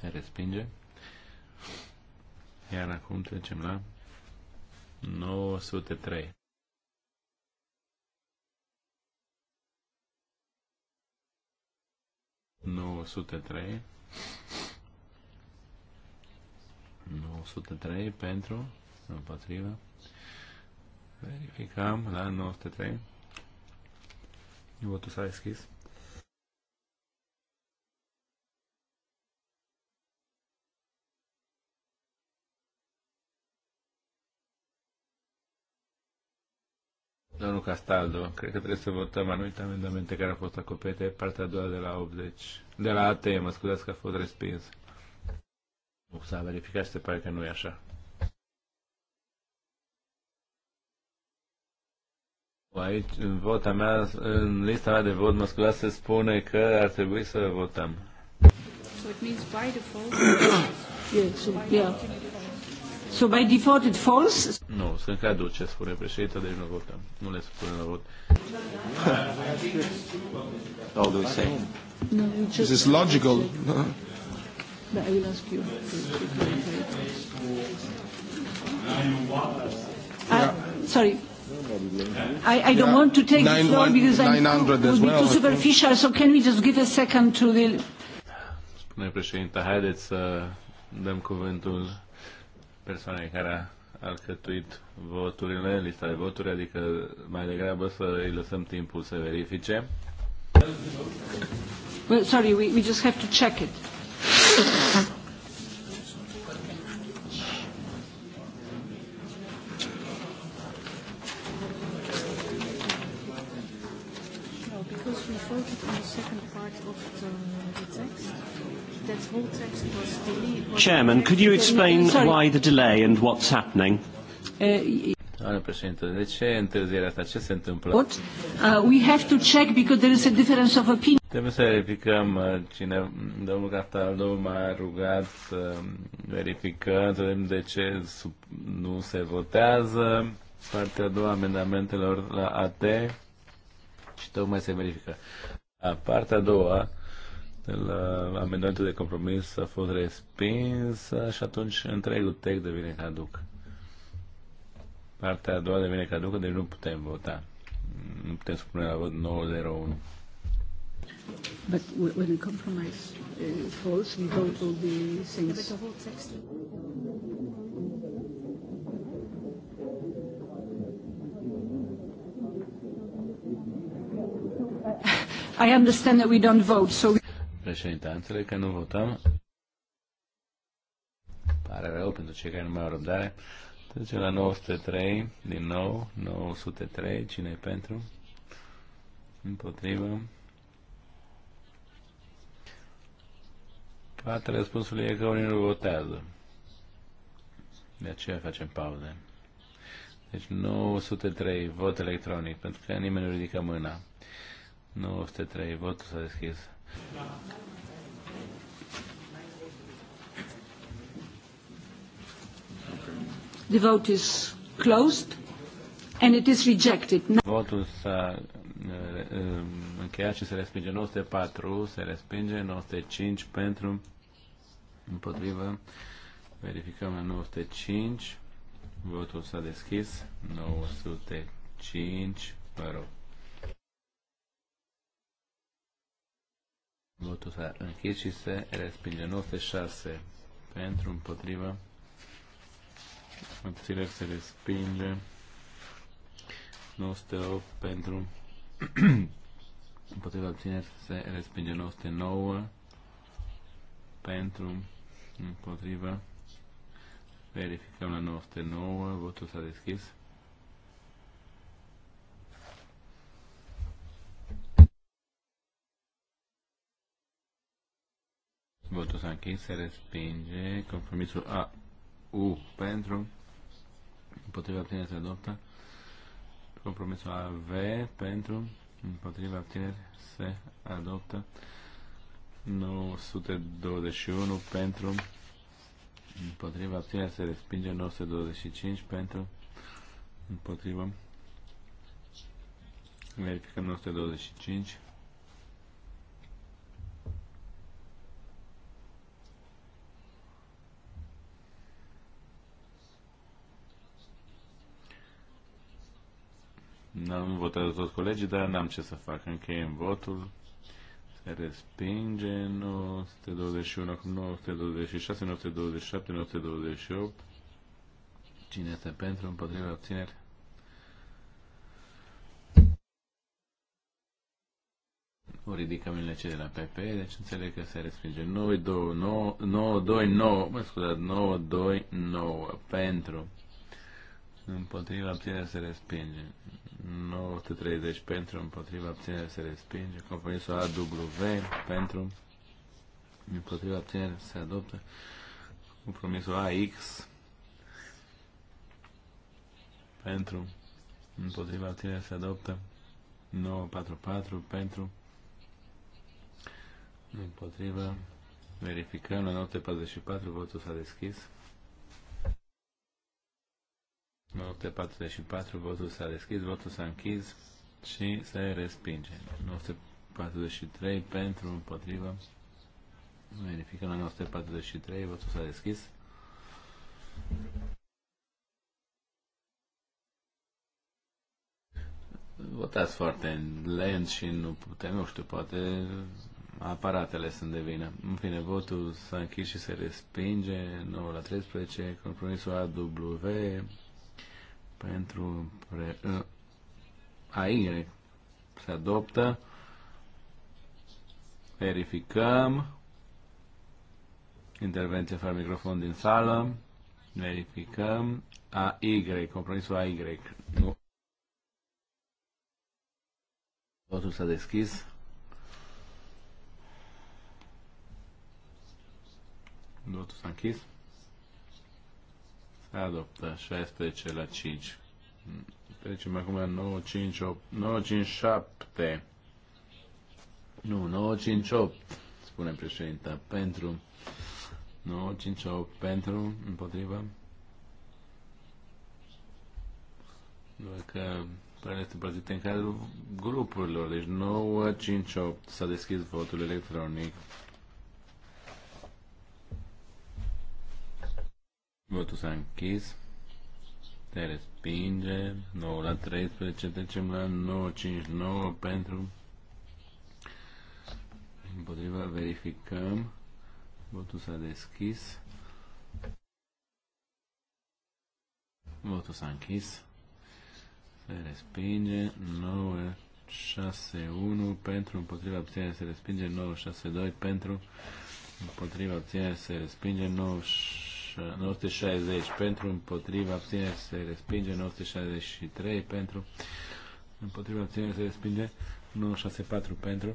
Se respinge. Iar acum trecem la 903. 903 903 pentru împotriva verificăm la 903 votul s-a deschis Domnul Castaldo, cred că trebuie să votăm anumite amendamente care au fost acoperite partea a doua de la 80, de la AT, mă scuzați că a fost respins. Nu s-a verificat și se pare că nu e așa. Aici, în vota mea, în lista mea de vot, mă scuzați, se spune că ar trebui să votăm. So it means by default. yeah, so, yeah. So by default it falls? Nu, sunt caduce, spune președinte, deci nu votăm. Nu le spune la vot. All the same. No, just... This is logical. But I will ask you. Uh, sorry. I, I don't yeah. want to take Nine, the floor because I would be well, too superficial, so can we just give a second to the... Spune președinte, haideți să dăm cuvântul persoanei care a alcătuit voturile, lista de voturi, adică mai degrabă să îi lăsăm timpul să verifice. Well, sorry, we, we just have to check it. Chairman, could you explain why the delay and what's happening? Eh, Doamna președintă, de ce întârzierea asta? Ce se întâmplă? What? Uh, we have to check because there is a difference of opinion. Trebuie să verificăm uh, cine, domnul Castaldo m-a rugat să uh, verificăm, să vedem de ce sub, nu se votează partea a doua amendamentelor la AT și tocmai se verifică. A partea a doua de la amendamentul de compromis a fost respins și atunci întregul text devine caduc. Partea a doua devine caducă, deci nu putem vota. Nu putem spune la vot 901. But when a compromise uh, falls, we vote all the things. Yeah, but the whole text. I understand that we don't vote, so președinte. Înțeleg că nu votăm. Pare rău pentru cei care nu mai au răbdare. Trecem la 903, din nou, 903, cine e pentru? Împotrivă. Poate răspunsul e că unii nu votează. De aceea facem pauze. Deci 903, vot electronic, pentru că nimeni nu ridică mâna. 903, votul s-a deschis. The vote is closed and it is rejected. Votul s-a uh, um, încheiat și se respinge 904, se respinge 905 pentru, împotrivă. Verificăm la 905. Votul s-a deschis. 905, vă rog. Votul s-a închis și se respinge. 96 pentru, împotriva. Abțineri se respinge. 98 pentru. împotriva abțineri se respinge. 99 pentru. Împotriva. Verificăm la 99. Votul s-a deschis. închis, se respinge. Compromisul A, U, pentru, împotriva abțineri se adoptă. Compromisul A, V, pentru, împotriva abțineri se adoptă. 921 pentru, împotriva abțineri se respinge. 925 pentru, împotriva. Verificăm 925. N-am da, votat toți colegii, dar n-am ce să fac. Încheiem votul. Se respinge 921, acum 926, 927, 928. Cine este pentru, împotriva, abțineri? O ridică mâinile cei de la PP, deci înțeleg că se respinge. 9, 2, 9, 9, 2, 9, mă scuzați, 9, 2, 9, pentru, împotriva abținerea se respinge. 930 pentru, împotriva abținerea se respinge. Compromisul AW pentru, împotriva abținerea se adoptă. Compromisul AX pentru, împotriva abținerea se adoptă. 944 pentru, împotriva, verificăm la 944, votul s-a deschis. 944, votul s-a deschis, votul s-a închis și se respinge. 943 pentru, împotrivă. Verificăm la 943, votul s-a deschis. Votați foarte lent și nu putem, nu știu, poate aparatele sunt de vină. În fine, votul s-a închis și se respinge, 9 la 13, compromisul AW, pentru pre, ă, a Y se adoptă. Verificăm. Intervenție fără microfon din sală. Verificăm. A Y, compromisul A Y. Nu. s-a deschis. totul s-a închis adoptă 16 la 5. Trecem acum la 9, 5, 8, 9, 5, 7. Nu, 9, 5, 8, spune președinta, pentru 9, 5, 8, pentru, împotriva. Doar că prea este împărțite în cadrul grupurilor, deci 9, 5, 8, s-a deschis votul electronic. Votul s-a închis. Te respinge. 9 la 13. Trecem la 959 pentru. Împotriva verificăm. Votul s-a deschis. Votul s-a închis. Se respinge. 9 6-1 pentru împotriva abținere se respinge 9-6-2 pentru împotriva obținere se respinge 9 6 2 pentru împotriva obținere se respinge 9 960 pentru, împotriva abțineri se respinge, 963 pentru, împotriva abțineri se respinge, 964 pentru,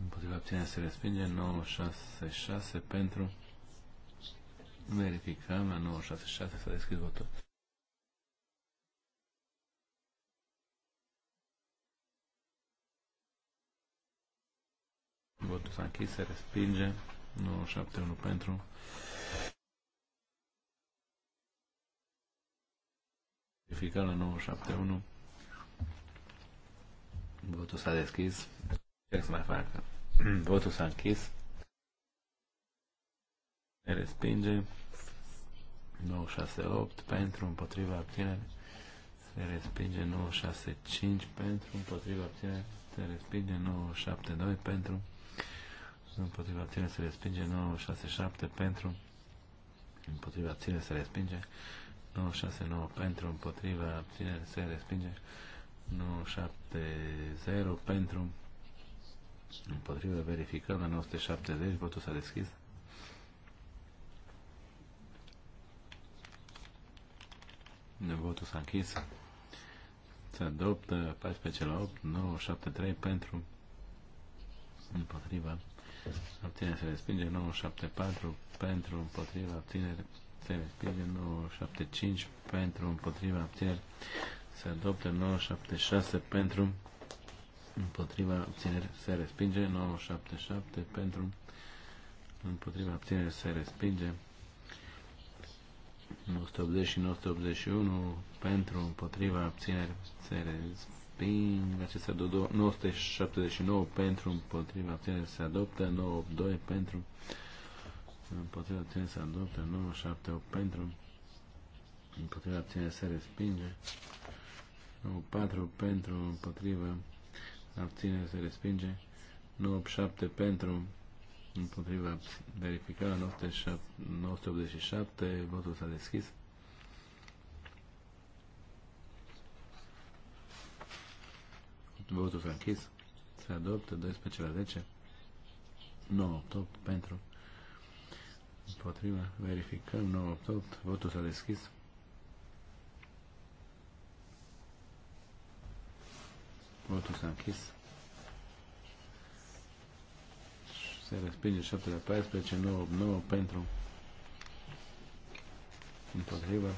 împotriva abțineri se respinge, 966 pentru, verificăm, la 966 s-a deschis votul. Votul s-a închis, se respinge. 971 pentru. Verificat la 971. Votul s-a deschis. Ce să mai facă? Votul s-a închis. Ne respinge. 968 pentru împotriva abținere. Se respinge 965 pentru împotriva abținere. Se respinge 972 pentru împotriva ține se respinge 967 pentru împotriva ține se respinge 969 pentru împotriva ține se respinge 970 pentru împotriva verificăm la 970 votul s-a deschis votul s-a închis se adoptă 14 la 8 973 pentru împotriva abțineri se respinge, 974 pentru, împotriva, abțineri se respinge, 975 pentru, împotriva, abțineri se adoptă, 976 pentru, împotriva, abțineri se respinge, 977 pentru, împotriva, abțineri se respinge, 980 și 981 pentru, împotriva, abțineri se respinge, resping, acestea 979 pentru, împotriva abținere se adoptă, 982 pentru, împotriva abținere se adoptă, 978 pentru, împotriva abținere se respinge, 94 pentru, împotriva abținere se respinge, 97 pentru, împotriva verificarea 987, votul s-a deschis. Votul s-a închis. Se adoptă 12 la 10. 9 8 8 pentru. Împotriva. Verificăm. 9 8 8. Votul s-a deschis. Votul s-a închis. Se respinge 7 la 14. 9 8 9 pentru. Împotriva.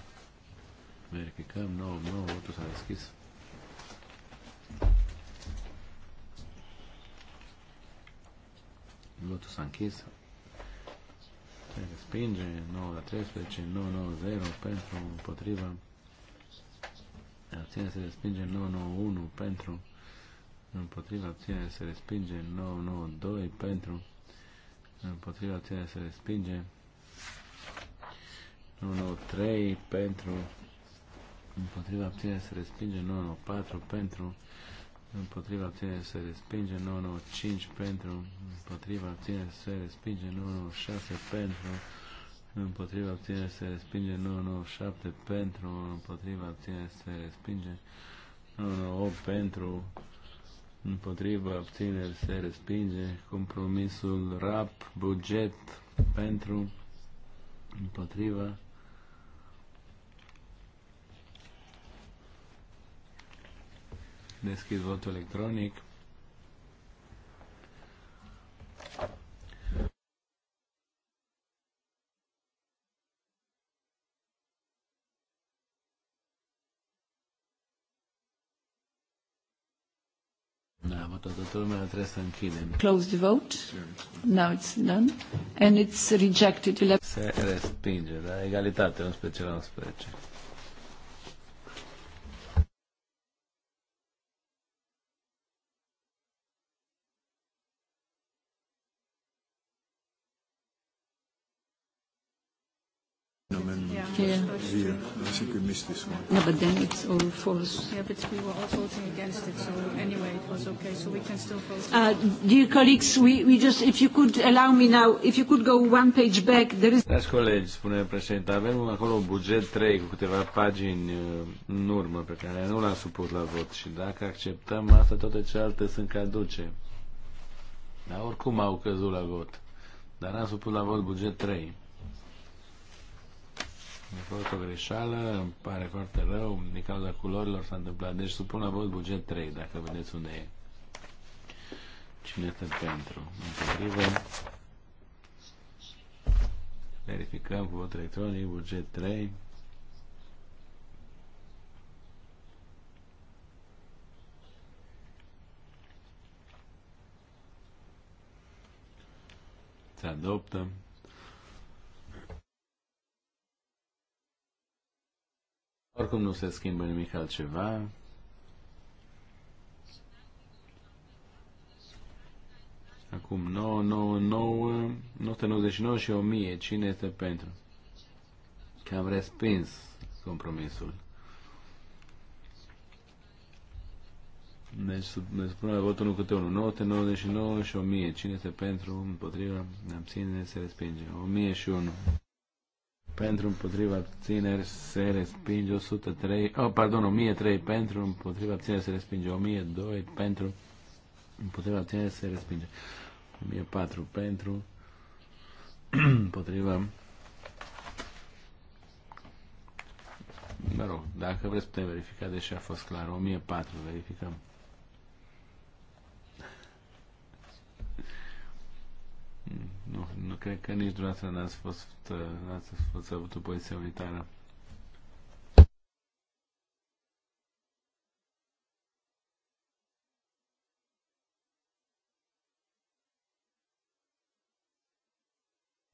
Verificăm. 9 9. Votul s-a deschis. Votul s-a închis. Se respinge 9 la 13, 9 9 0 pentru, împotriva. Abține se respinge 9 9 1 pentru, împotriva. Abține se respinge 9 9 2 pentru, împotriva. Abține se respinge 9 9 3 pentru, împotriva. Abține se respinge 9 9 4 pentru, împotriva împotriva abținere se respinge, 995 pentru, împotriva abținere se respinge, 996 pentru, împotriva abținere se respinge, 997 pentru, împotriva abținere se respinge, 998 pentru, împotriva abțineri se respinge, compromisul RAP, buget pentru, împotriva Deschid votul electronic. Da, Close the vote. Now it's done. And it's rejected. Se respinge, da? Egalitate, 11 la 11. think we missed this one. Yeah, but then it's all false. Yeah, but we were all voting against it, so anyway, it was okay, so we can still vote. Uh, dear colleagues, we, we just, if you could allow me now, if you could go one page back, there is... Dragi colegi, spune președinte, avem acolo un buget 3 cu câteva pagini uh, în urmă pe care nu l-am supus la vot și dacă acceptăm asta, toate celelalte sunt caduce. Dar oricum au căzut la vot. Dar n-am supus la vot buget 3 mi A fost o greșeală, îmi pare foarte rău, din cauza culorilor s-a întâmplat. Deci supun la vot buget 3, dacă vedeți unde e. Cine este pentru? Împotrivă. Verificăm cu vot electronic, buget 3. Se adoptă. Oricum nu se schimbă nimic altceva. Acum 9, 9, 9, 999 și 1000. Cine este pentru? Că am respins compromisul. Deci ne spune votul 1 câte 1. 999 și 1000. Cine este pentru, împotriva, Ne abține, se respinge. 1000 și 1 pentru împotriva abțineri se respinge 103, oh, pardon, 1003 pentru împotriva abțineri se respinge 1002 pentru împotriva abțineri se respinge 1004 pentru împotriva mă rog, dacă vreți putem verifica, deși a fost clar 1004, verificăm Nu, nu cred că nici dumneavoastră n-ați fost, n-ați fost avut o poziție unitară.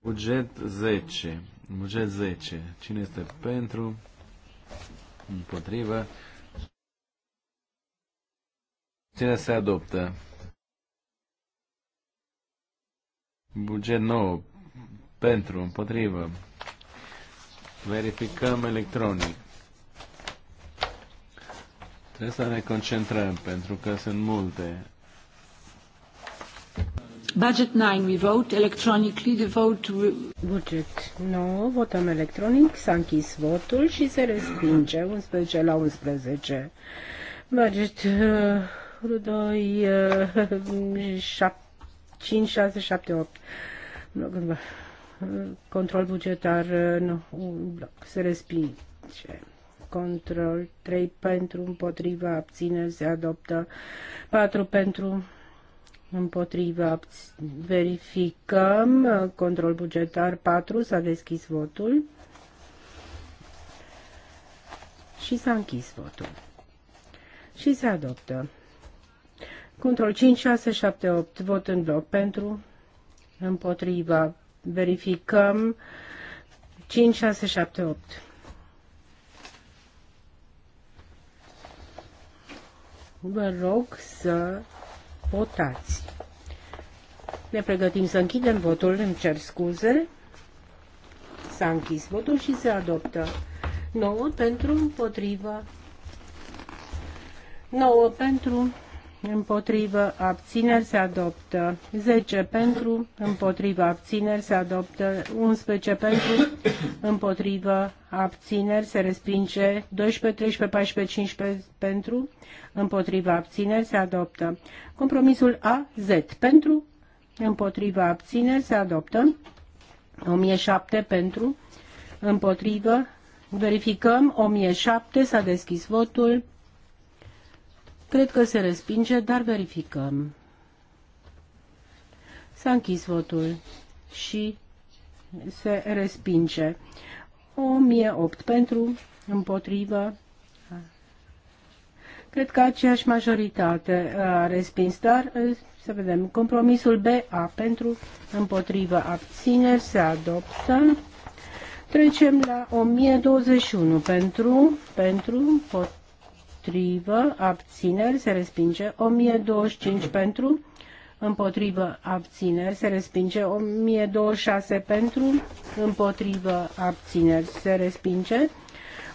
Buget 10. Buget 10. Cine este pentru? Împotrivă. Cine se adoptă? Buget nou. Pentru, împotrivă. Verificăm electronic. Trebuie să ne concentrăm, pentru că sunt multe. Budget 9, we vote electronically, the vote... Budget 9, votăm electronic, s-a închis votul și se respinge 11 la 11. Budget 2, uh, 7 5, 6, 7, 8. Control bugetar uh, nu, un bloc. Se respinge. Control 3 pentru, împotriva, abține, se adoptă. 4 pentru, împotriva, verificăm. Uh, control bugetar 4, s-a deschis votul. Și s-a închis votul. Și se adoptă. Control 5, 6, 7, 8. Vot în bloc pentru. Împotriva. Verificăm. 5, 6, 7, 8. Vă rog să votați. Ne pregătim să închidem votul, îmi cer scuze. S-a închis votul și se adoptă 9 pentru împotriva, 9 pentru împotrivă, abțineri se adoptă. 10 pentru, împotrivă, abțineri se adoptă. 11 pentru, împotrivă, abțineri se respinge. 12, 13, 14, 15 pentru, împotrivă, abțineri se adoptă. Compromisul A, Z pentru, împotrivă, abțineri se adoptă. 1007 pentru, împotrivă, verificăm. 1007 s-a deschis votul. Cred că se respinge, dar verificăm. S-a închis votul și se respinge. 1008 pentru, împotrivă. Cred că aceeași majoritate uh, a respins, dar uh, să vedem. Compromisul BA pentru, împotrivă, abțineri se adoptă. Trecem la 1021 pentru, pentru, pot, împotrivă, abțineri, se respinge. 1025 pentru, împotrivă, abțineri, se respinge. 1026 pentru, împotrivă, abțineri, se respinge.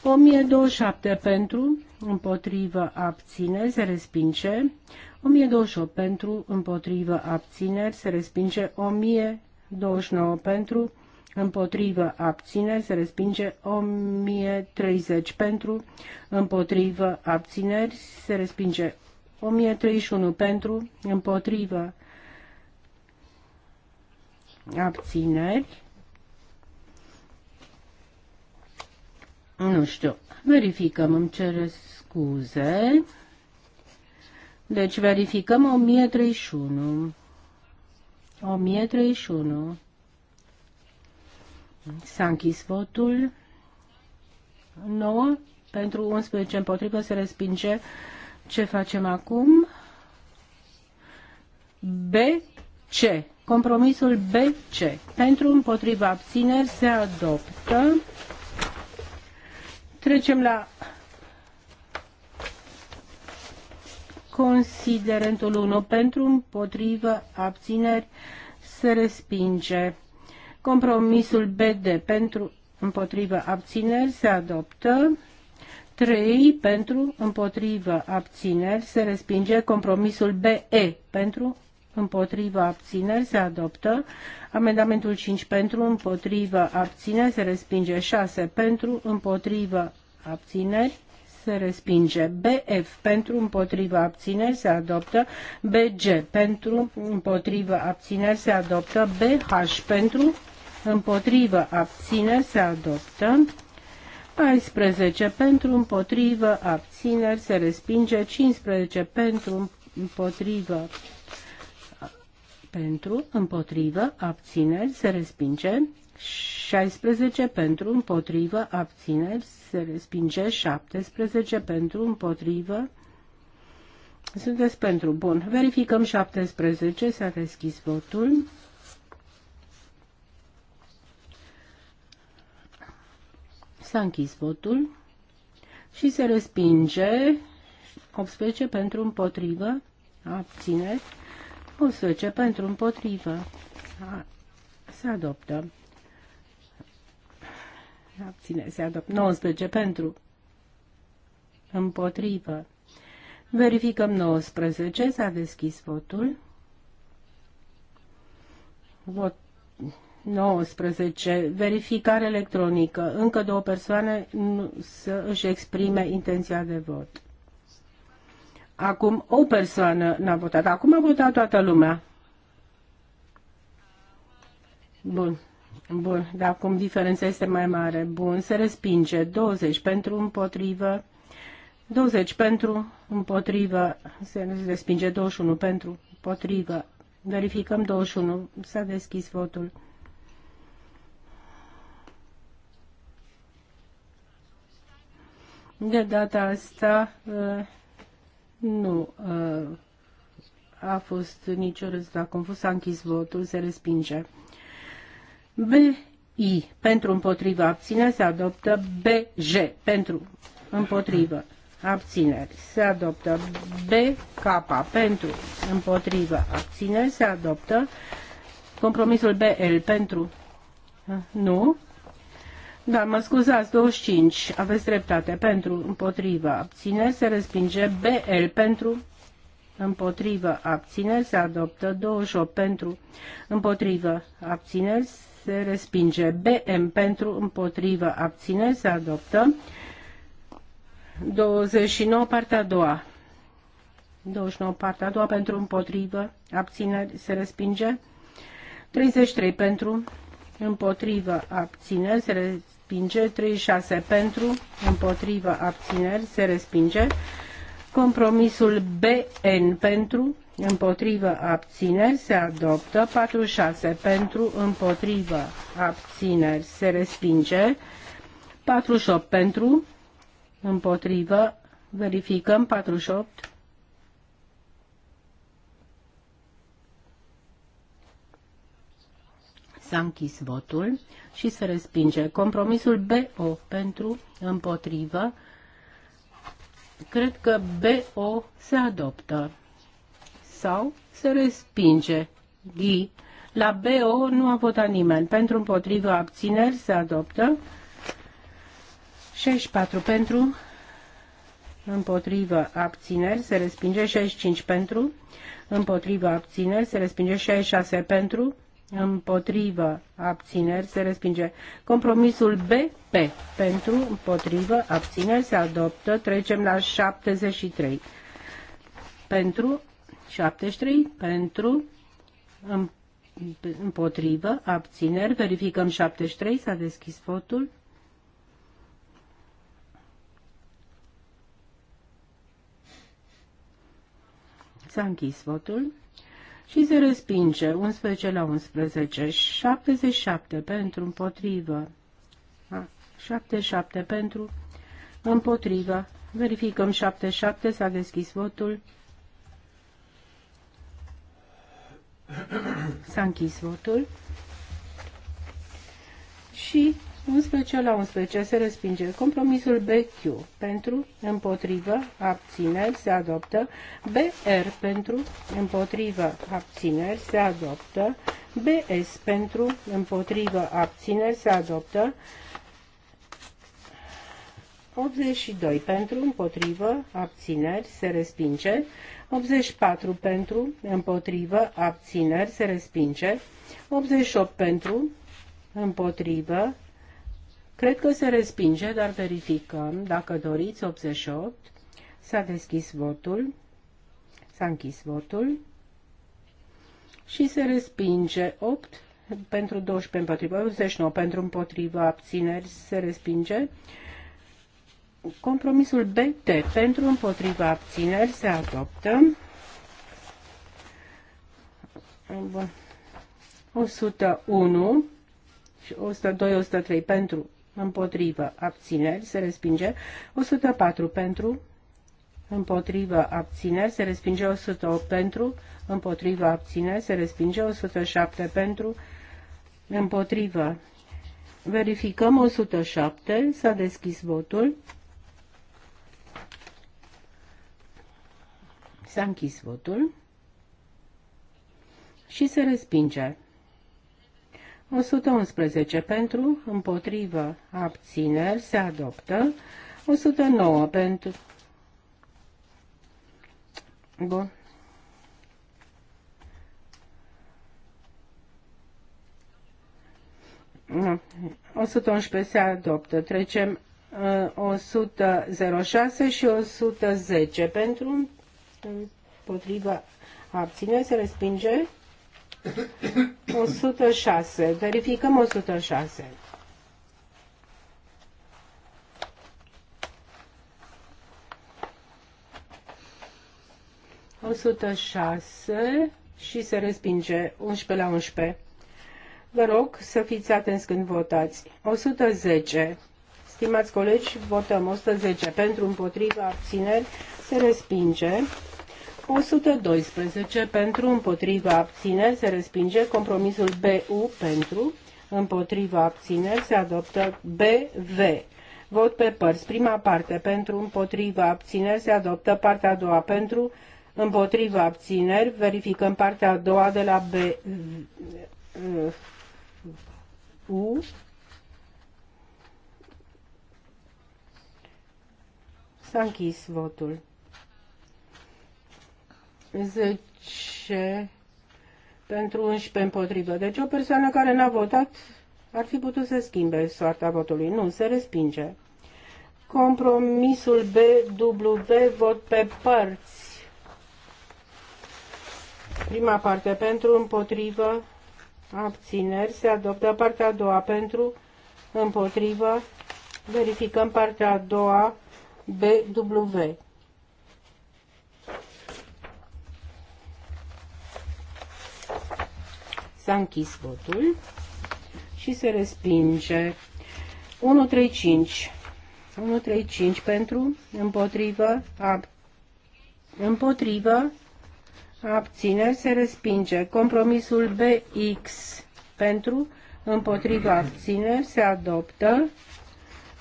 1027 pentru, împotrivă, abțineri, se respinge. 1028 pentru, împotrivă, abțineri, se respinge. 1029 pentru, împotrivă abțineri se respinge 1030 pentru, împotrivă abțineri se respinge 1031 pentru, împotrivă abțineri. Nu știu, verificăm, îmi cer scuze. Deci verificăm 1031. 1031. S-a închis votul. 9 pentru 11 împotrivă se respinge. Ce facem acum? BC. Compromisul BC. Pentru împotriva abțineri se adoptă. Trecem la considerentul 1. Pentru împotrivă abțineri se respinge. Compromisul BD pentru împotrivă abțineri se adoptă. 3 pentru împotrivă abțineri se respinge. Compromisul BE pentru împotrivă abțineri se adoptă. Amendamentul 5 pentru împotrivă abțineri se respinge. 6 pentru împotrivă abțineri se respinge. BF pentru împotriva abțineri se adoptă. BG pentru împotriva abțineri se adoptă. BH pentru împotrivă, abțineri, se adoptă. 14 pentru, împotrivă, abțineri, se respinge. 15 pentru, împotrivă, pentru, împotrivă, abțineri, se respinge. 16 pentru, împotrivă, abțineri, se respinge. 17 pentru, împotrivă, sunteți pentru. Bun. Verificăm 17. S-a deschis votul. S-a închis votul și se respinge 18 pentru împotrivă, abțineri, 18 pentru împotrivă, se adoptă. Abține, se adoptă. 19 pentru împotrivă. Verificăm 19, s-a deschis votul. Vot 19. Verificare electronică. Încă două persoane să își exprime intenția de vot. Acum o persoană n-a votat. Acum a votat toată lumea. Bun. Bun. Dar acum diferența este mai mare. Bun. Se respinge. 20 pentru împotrivă. 20 pentru împotrivă. Se respinge 21 pentru împotrivă. Verificăm 21. S-a deschis votul. De data asta uh, nu uh, a fost nicio rezultat confuz, s-a închis votul, se respinge. B, I pentru împotriva abține se adoptă B j pentru împotrivă abțineri se adoptă B k pentru împotrivă abțineri se adoptă compromisul B l pentru uh, nu da, mă scuzați, 25. Aveți dreptate. Pentru, împotrivă, abține, se respinge. BL pentru, împotrivă, abține, se adoptă. 28 pentru, împotrivă, abține, se respinge. BM pentru, împotrivă, abține, se adoptă. 29, partea a doua. 29, partea a doua, pentru, împotrivă, abțineri, se respinge. 33 pentru, împotrivă, abțineri, se respinge respinge, 36 pentru, împotrivă, abțineri, se respinge. Compromisul BN pentru, împotrivă, abțineri, se adoptă, 46 pentru, împotrivă, abțineri, se respinge, 48 pentru, împotrivă, verificăm, 48 S-a închis votul și se respinge. Compromisul BO pentru împotrivă. Cred că BO se adoptă sau se respinge. Ghi. La BO nu a votat nimeni. Pentru împotrivă abțineri se adoptă. 64 pentru împotrivă abțineri se respinge. 65 pentru împotrivă abțineri se respinge. 66 pentru împotrivă, abțineri, se respinge. Compromisul BP, pentru, împotrivă, abțineri, se adoptă. Trecem la 73. Pentru, 73, pentru, împotrivă, abțineri, verificăm 73, s-a deschis votul. S-a închis votul și se respinge 11 la 11, 77 pentru împotrivă, 77 pentru împotrivă. Verificăm 77, s-a deschis votul. S-a închis votul și 11 la 11 se respinge. Compromisul BQ pentru, împotrivă, abțineri se adoptă. BR pentru, împotrivă, abțineri se adoptă. BS pentru, împotrivă, abțineri se adoptă. 82 pentru, împotrivă, abțineri se respinge. 84 pentru, împotrivă, abțineri se respinge. 88 pentru, împotrivă, Cred că se respinge, dar verificăm. Dacă doriți, 88. S-a deschis votul. S-a închis votul. Și se respinge 8 pentru 12 împotriva, 89 pentru împotriva, abțineri se respinge. Compromisul BT pentru împotriva abțineri se adoptă. Bun. 101 și 102, 103 pentru împotrivă, abțineri, se respinge. 104 pentru, împotrivă, abțineri, se respinge. 108 pentru, împotrivă, abțineri, se respinge. 107 pentru, împotrivă. Verificăm 107, s-a deschis votul. S-a închis votul și se respinge. 111 pentru, împotrivă, abțineri, se adoptă. 109 pentru. Bun. No. 111 se adoptă. Trecem uh, 106 și 110 pentru împotriva abțineri se respinge 106. Verificăm 106. O șase și se respinge 11 la 11. Vă rog să fiți atenți când votați. 110. Stimați colegi, votăm 110 pentru împotriva abțineri. Se respinge. 112 pentru, împotriva abțineri se respinge. Compromisul BU pentru, împotriva abțineri se adoptă BV. Vot pe părți. Prima parte pentru, împotriva abțineri se adoptă. Partea a doua pentru, împotriva abțineri. Verificăm partea a doua de la BU. S-a închis votul. 10 pentru 11 împotrivă. Deci o persoană care n-a votat ar fi putut să schimbe soarta votului. Nu, se respinge. Compromisul BW, vot pe părți. Prima parte pentru, împotrivă, abțineri. Se adoptă partea a doua pentru, împotrivă. Verificăm partea a doua BW. S-a închis votul și se respinge. 1-3-5. 1-3-5 pentru, împotrivă, ab, împotrivă, abțineri, se respinge. Compromisul BX pentru, împotrivă, abțineri, se adoptă.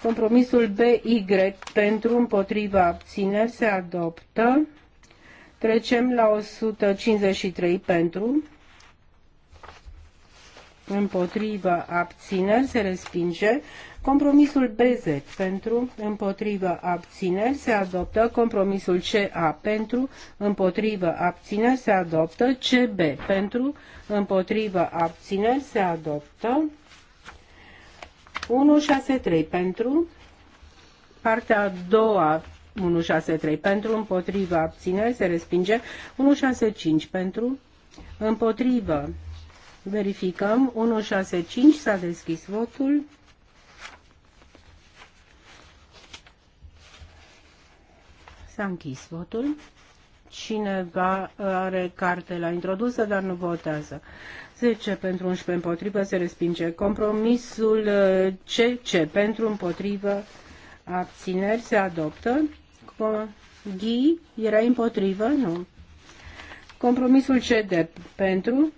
Compromisul BY pentru, împotrivă, abțineri, se adoptă. Trecem la 153 pentru, împotriva abțineri se respinge. Compromisul BZ pentru împotriva abțineri se adoptă. Compromisul CA pentru împotriva abțineri se adoptă. CB pentru împotriva abțineri se adoptă. 163 pentru partea a doua 163 pentru împotriva abțineri se respinge. 165 pentru împotriva Verificăm. 165 s-a deschis votul. S-a închis votul. Cineva are carte la introdusă, dar nu votează. 10 pentru 11 împotrivă se respinge. Compromisul CC uh, pentru împotrivă abțineri se adoptă. Ghi era împotrivă? Nu. Compromisul CD pentru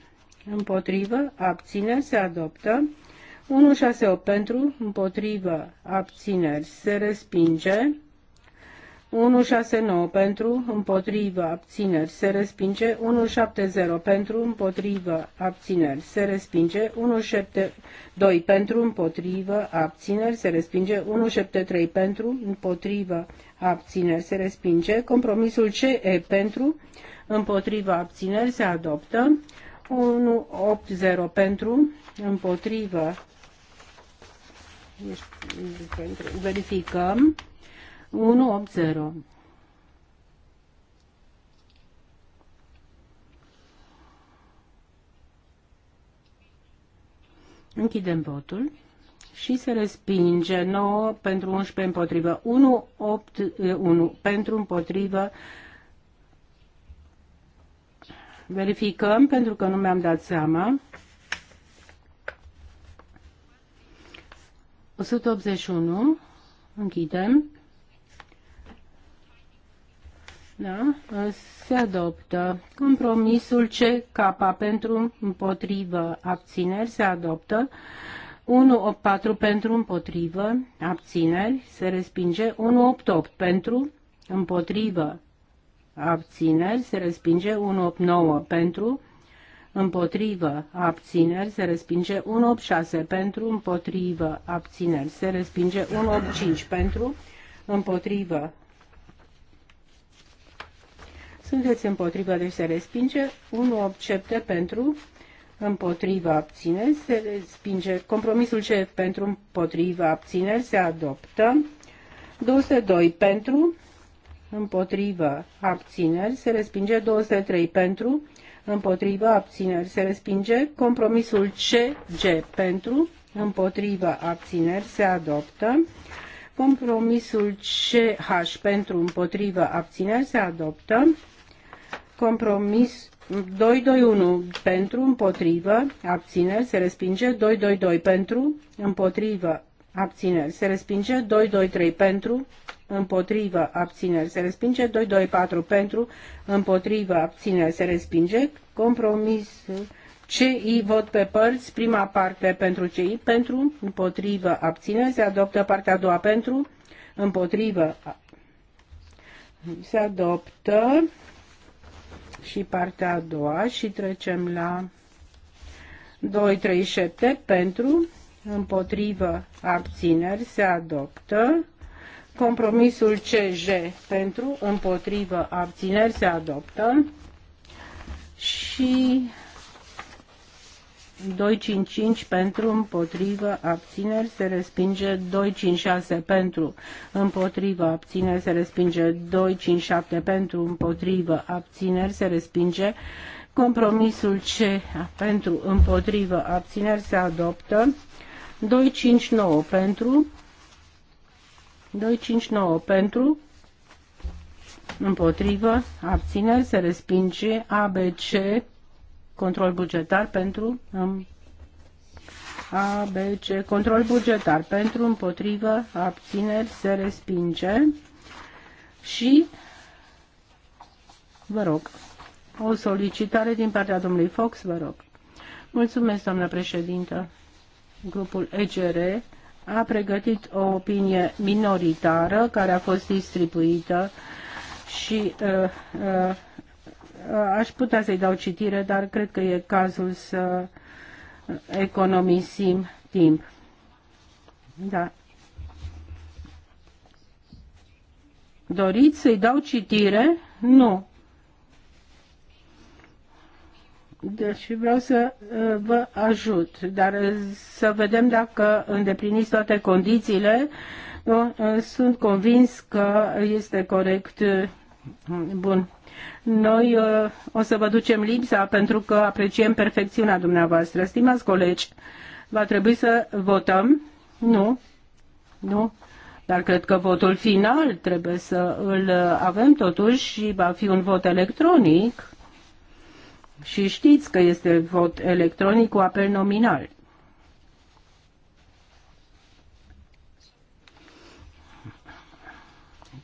împotrivă, abține, se adoptă. 168 pentru, împotrivă, abțineri, se respinge. 169 pentru, împotrivă, abțineri, se respinge. 170 pentru, împotrivă, abțineri, se respinge. 172 pentru, împotrivă, abțineri, se respinge. 173 pentru, împotrivă, abțineri, se respinge. Compromisul CE pentru, împotrivă, abțineri, se adoptă. 180 pentru, împotrivă, pentru, verificăm, 180. Închidem votul și se respinge 9 pentru 11 împotrivă, 1, 8, 1 pentru împotrivă, Verificăm pentru că nu mi-am dat seama. 181. Închidem. Da? Se adoptă. Compromisul CK pentru împotrivă abțineri se adoptă. 184 pentru împotrivă abțineri se respinge. 188 pentru împotrivă abțineri se respinge 189 pentru, împotrivă abțineri se respinge 186 pentru, împotrivă abțineri se respinge 185 pentru, împotrivă. Sunteți împotrivă, deci se respinge 187 pentru, împotrivă abțineri, se respinge compromisul CF pentru împotrivă abțineri, se adoptă 202 pentru împotrivă, abțineri, se respinge 203 pentru, împotrivă, abțineri, se respinge compromisul CG pentru, împotrivă, abțineri, se adoptă. Compromisul CH pentru împotrivă abțineri se adoptă. Compromis 221 pentru împotrivă abțineri se respinge. 222 pentru împotrivă abțineri se respinge. 223 pentru împotrivă, abțineri, se respinge, 224 pentru, împotrivă, abțineri, se respinge, compromis CI vot pe părți, prima parte pentru CI pentru, împotrivă, abțineri, se adoptă partea a doua pentru, împotrivă, se adoptă și partea a doua și trecem la 237 pentru, împotrivă, abțineri, se adoptă Compromisul CJ pentru, împotrivă, abțineri se adoptă și 255 pentru, împotrivă, abțineri se respinge, 256 pentru, împotrivă, abțineri se respinge, 257 pentru, împotrivă, abțineri se respinge, compromisul C pentru, împotrivă, abțineri se adoptă, 259 pentru, 259 pentru, împotrivă, abțineri, se respinge, ABC, control bugetar pentru, ABC, control bugetar pentru, împotrivă, abțineri, se respinge și, vă rog, o solicitare din partea domnului Fox, vă rog. Mulțumesc, doamnă președintă. Grupul EGR a pregătit o opinie minoritară care a fost distribuită și uh, uh, aș putea să-i dau citire, dar cred că e cazul să economisim timp. Da. Doriți să-i dau citire? Nu. Deci vreau să uh, vă ajut, dar uh, să vedem dacă îndepliniți toate condițiile. Nu? Uh, sunt convins că este corect. Bun. Noi o să vă ducem lipsa pentru că apreciem perfecțiunea dumneavoastră. Stimați colegi, va trebui să votăm? Nu? Nu? Dar cred că votul final trebuie să îl avem totuși și va fi un vot electronic. Și știți că este vot electronic cu apel nominal.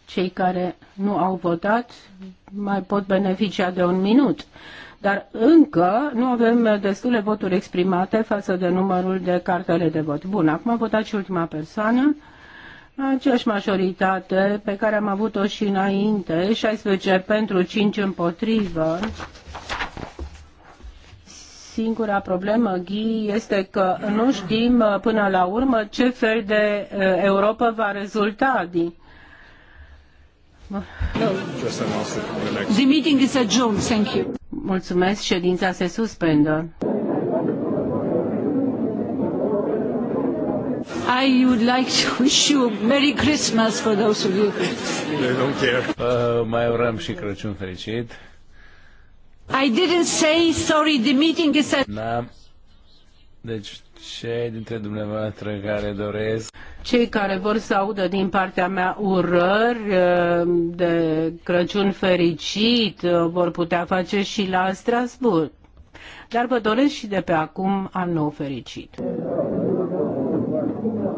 Cei care nu au votat mai pot beneficia de un minut, dar încă nu avem destule voturi exprimate față de numărul de cartele de vot. Bun, acum a votat și ultima persoană aceeași majoritate pe care am avut-o și înainte, 16 pentru, 5 împotrivă. Singura problemă, Ghi, este că nu știm uh, până la urmă ce fel de uh, Europa va rezulta din The meeting is adjourned. Thank you. Mulțumesc, ședința se suspendă. I would like to wish you Merry Christmas for those of you They don't care. Uh, mai urăm și Crăciun fericit. I didn't say, sorry, the meeting is at... Da. Deci, cei dintre dumneavoastră care doresc... Cei care vor să audă din partea mea urări uh, de Crăciun fericit uh, vor putea face și la Strasburg. Dar vă doresc și de pe acum anul nou fericit.